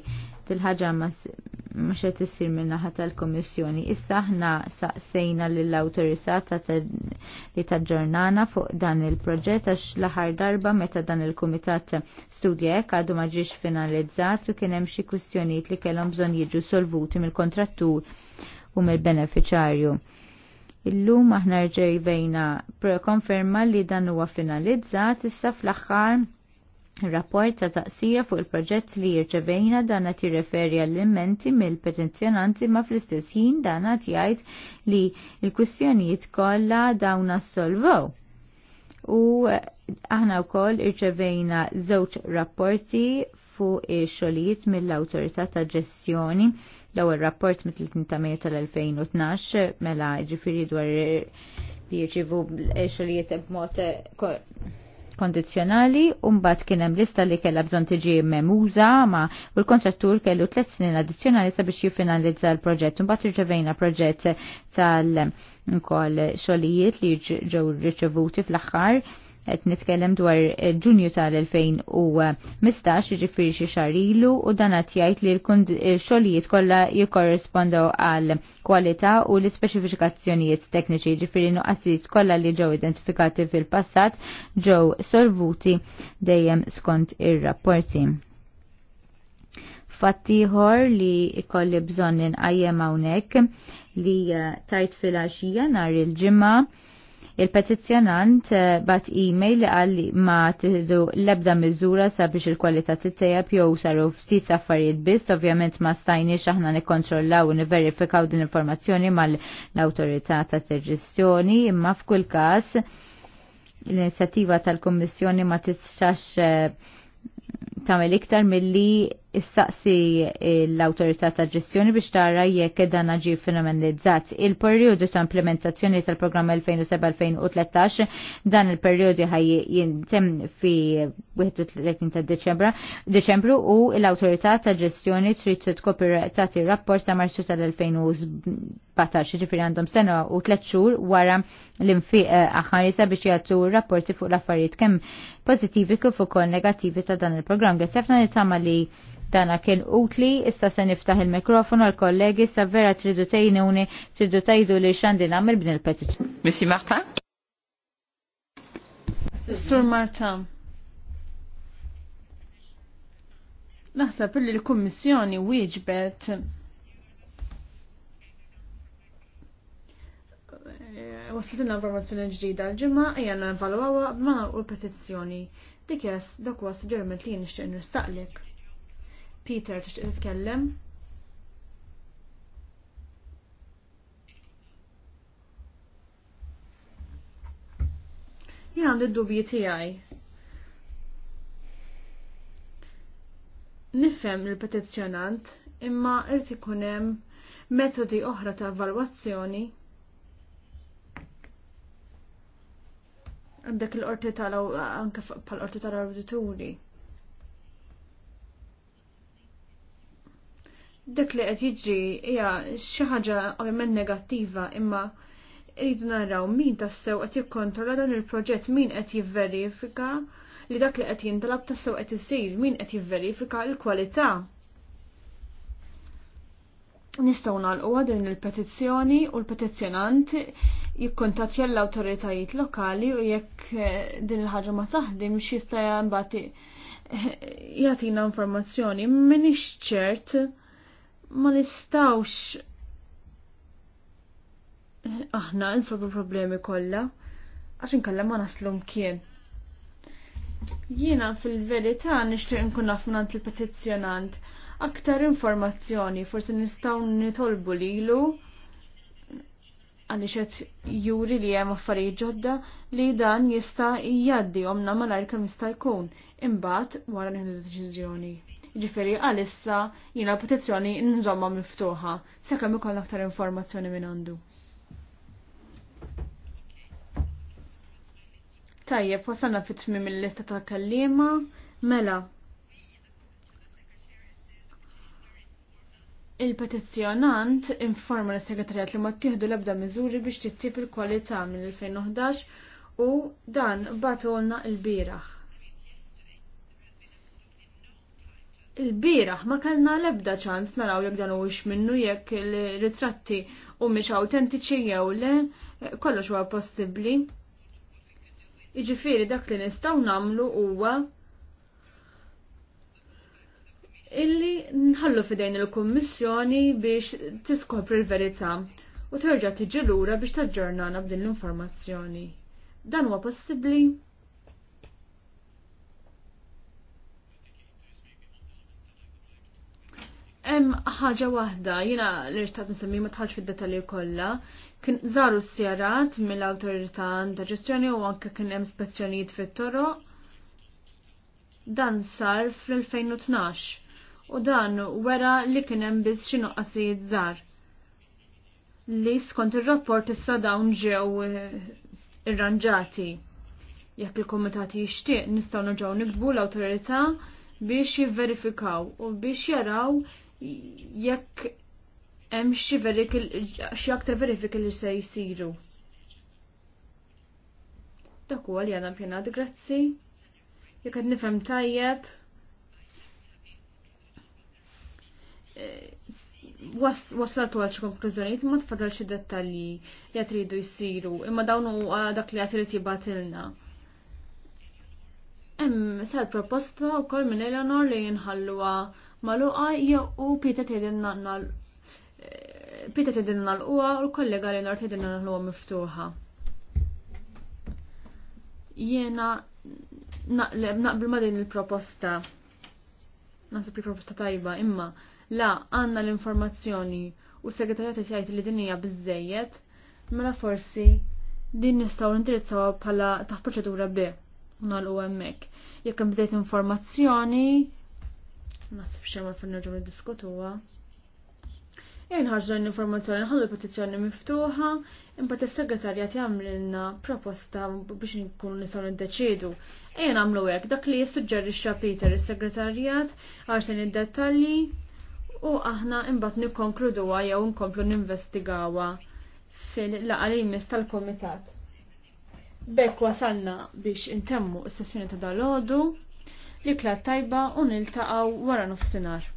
til ħaġa mux qed issir min-naħa tal-Komissjoni. Issa aħna saqsejna lill-awtorità li taġġornana fuq dan il-proġett għax l-aħħar darba meta dan il-Kumitat studja għadu ma finalizzat u kien hemm xi kwistjonijiet li kellhom bżonn jiġu solvuti mill-kontrattur u mill-beneficjarju. Illum aħna rġejvejna konferma li dan huwa finalizzat issa fl-aħħar rapport ta' taqsira fuq il-proġett li jirċevejna dan qed jirreferi għall-immenti mill-petenzjonanti ma fl-istess ħin dan qed jgħid li l-kwistjonijiet kollha dawn assolvow. U aħna wkoll irċevejna żewġ rapporti fuq ix-xogħlijiet mill-awtorità ta' ġestjoni l-ewwel rapport mit-30 ta' Mejju tal-2012 mela ġifiri dwar li jirċivu xogħlijiet b'mod kondizjonali u mbagħad kien hemm lista li kellha bżonn tiġi memuża ma u l-kontrattur kellu tliet snin addizzjonali sabiex jiffinalizza l-proġett. Mbagħad irċevejna proġett tal-ukoll xogħlijiet li ġew riċevuti fl-aħħar qed nitkellem dwar ġunju tal-2015 ġifiri xi xarilu ilu u dan jajt li l-xogħlijiet kollha jikkorrispondu għal kwalità u l-ispeċifikazzjonijiet tekniċi ġifiri nuqqasijiet kollha li ġew identifikati fil-passat ġew solvuti dejjem skont ir-rapporti. Fattiħor li ikolli bżonn inqajjem hawnhekk li eh, tajt fil-għaxija nhar il-ġimgħa Il-petizzjonant eh, bat e-mail għal ma tiħdu lebda miżura sabiex il-kwalità tittejab jew saru ftit affarijiet biss, ovvjament ma stajniex aħna nikkontrollaw u niverifikaw din informazzjoni mal-awtorità ta' teġestjoni, imma f'kull każ l-inizjattiva tal-Kommissjoni ma tistax eh, tagħmel iktar milli issaqsi l-autorità ta' ġestjoni biex tara jekk dan ġi fenomenizzat. Il-perjodu ta' implementazzjoni tal-programm 2007-2013 dan il-perjodu ħaj jintem fi 31 ta' Deċembra Deċembru u l-autorità ta' ġestjoni trid tkopri tagħti rapport ta' Marzu tal-2017 2014, ġifiri għandhom sena u tlet xhur wara l-infiq eh, aħħarisa biex jagħtu rapporti fuq l-affarijiet kemm pożittivi kif ukoll negattivi ta' dan il-programm. Grazzi nittama nitama li dana kien utli, issa se niftaħ il-mikrofonu għal kollegi sa vera tridu tejnuni, tridu tajdu li xandin għamil b'din il petit Missi Marta? Sur Marta. Naħseb li l-Kummissjoni wieġbet waslilna informazzjoni ġdida l-ġimma ejja nevalwawa b'ma u l-petizzjoni. Dik dak huwa suġġeriment li nixtieq nistaqlek. Peter tixtieq titkellem? jien għandi dubji tiegħi. Nifhem il-petizzjonant imma irid ikun hemm metodi oħra ta' evalwazzjoni għandek l-orti tal għu anke pal-orti tal-awdituri. Dak li qed jiġri hija xi ħaġa ovvjament negattiva imma rridu naraw min tassew qed jikkontrolla dan il-proġett min qed jivverifika li dak li qed jindalab tassew qed isir min qed jivverifika l-kwalità Nistaw nalqu din il-petizzjoni u l-petizzjonant jikkontattja l-autoritajiet lokali u jekk eh, din il ħagġa ma taħdimx jista' mbagħad eh, jagħtina informazzjoni min ċert ma nistawx eh, aħna nsolvu problemi kollha għax inkella ma naslum kien. Jiena fil-verità nixtieq nkun naf il-petizzjonant aktar informazzjoni, forsi nistaw nitolbu lilu għalli xed juri li hemm affarijiet ġodda li dan jista' jgħaddi omna malajr kemm jista' jkun imbagħad wara nieħdu deċiżjoni. Ġifieri għalissa jiena l-petizzjoni nżomma miftuħa sakemm ikoll aktar informazzjoni minn għandu. Tajjeb, wasalna fit-tmim il-lista ta' kallima, mela, Il-petizzjonant informa l-segretarjat li ma tieħdu l-ebda miżuri biex tittib il-kwalità mill-2011 u dan batolna l biraħ Il-biraħ ma kellna l-ebda ċans naraw jekk dan huwiex minnu jekk il-ritratti u mhix awtentiċi jew le, kollox huwa possibbli. Jiġifieri dak li nistgħu nagħmlu huwa illi nħallu fidejn il-Kummissjoni biex tiskopri l-verità u terġa' tiġi lura biex taġġornana b'din l-informazzjoni. Dan huwa possibbli? Hemm ħaġa waħda, jiena l rtaqt nsemmi ma tħallx fid dettalji kollha, kien żaru s-sjarat mill-awtorità ta' ġestjoni u anke kien hemm spezzjonijiet fit-toroq. Dan sar fl-2012 u dan wera li kien hemm biss xi nuqqasijiet żgħar. Li skont ir-rapport issa dawn ġew eh, irranġati. Jekk il komitat jixtieq nistgħu nerġgħu nikbu l-awtorità biex jivverifikaw u biex jaraw jekk hemm xi xi aktar verifiki li se jsiru. Dak huwa li għandna pjanat grazzi. Jekk qed nifhem tajjeb. waslatu għal xi konklużjonijiet ma tfadal xi dettalji li qed jridu jsiru, imma dawn huwa dak li qed irid jibatilna. Hemm sar proposta wkoll minn Eleanor li jinħalluha maluqa jew Peter tgħidilna Peter tgħidilna l u l-kollega Eleanor tgħidilna l miftuħa. Jiena naqbel ma din il-proposta. Nasib li proposta tajba, imma la għanna l-informazzjoni u s ta' jgħid li din hija mela forsi din nistgħu nindirizzawha bħala taħt proċedura B u l hemmhekk. Jekk hemm bżejt informazzjoni, nasib xemma fil nerġgħu niddiskutuha. Jien ħarġu l-informazzjoni nħallu petizzjoni miftuħa, imbagħad is-segretarjat jagħmlilna proposta biex nistaw nistgħu niddeċiedu. Ejja għamlu hekk dak li jissuġġerixxa Peter is-segretarjat għarsen id-dettalji u aħna imbagħad nikkonkluduha jew nkomplu ninvestigawha fil-laqalimis tal-komitat. Bekk wasalna biex intemmu s-sessjoni ta' dalodu, li klat tajba u niltaqgħu wara nofsinhar.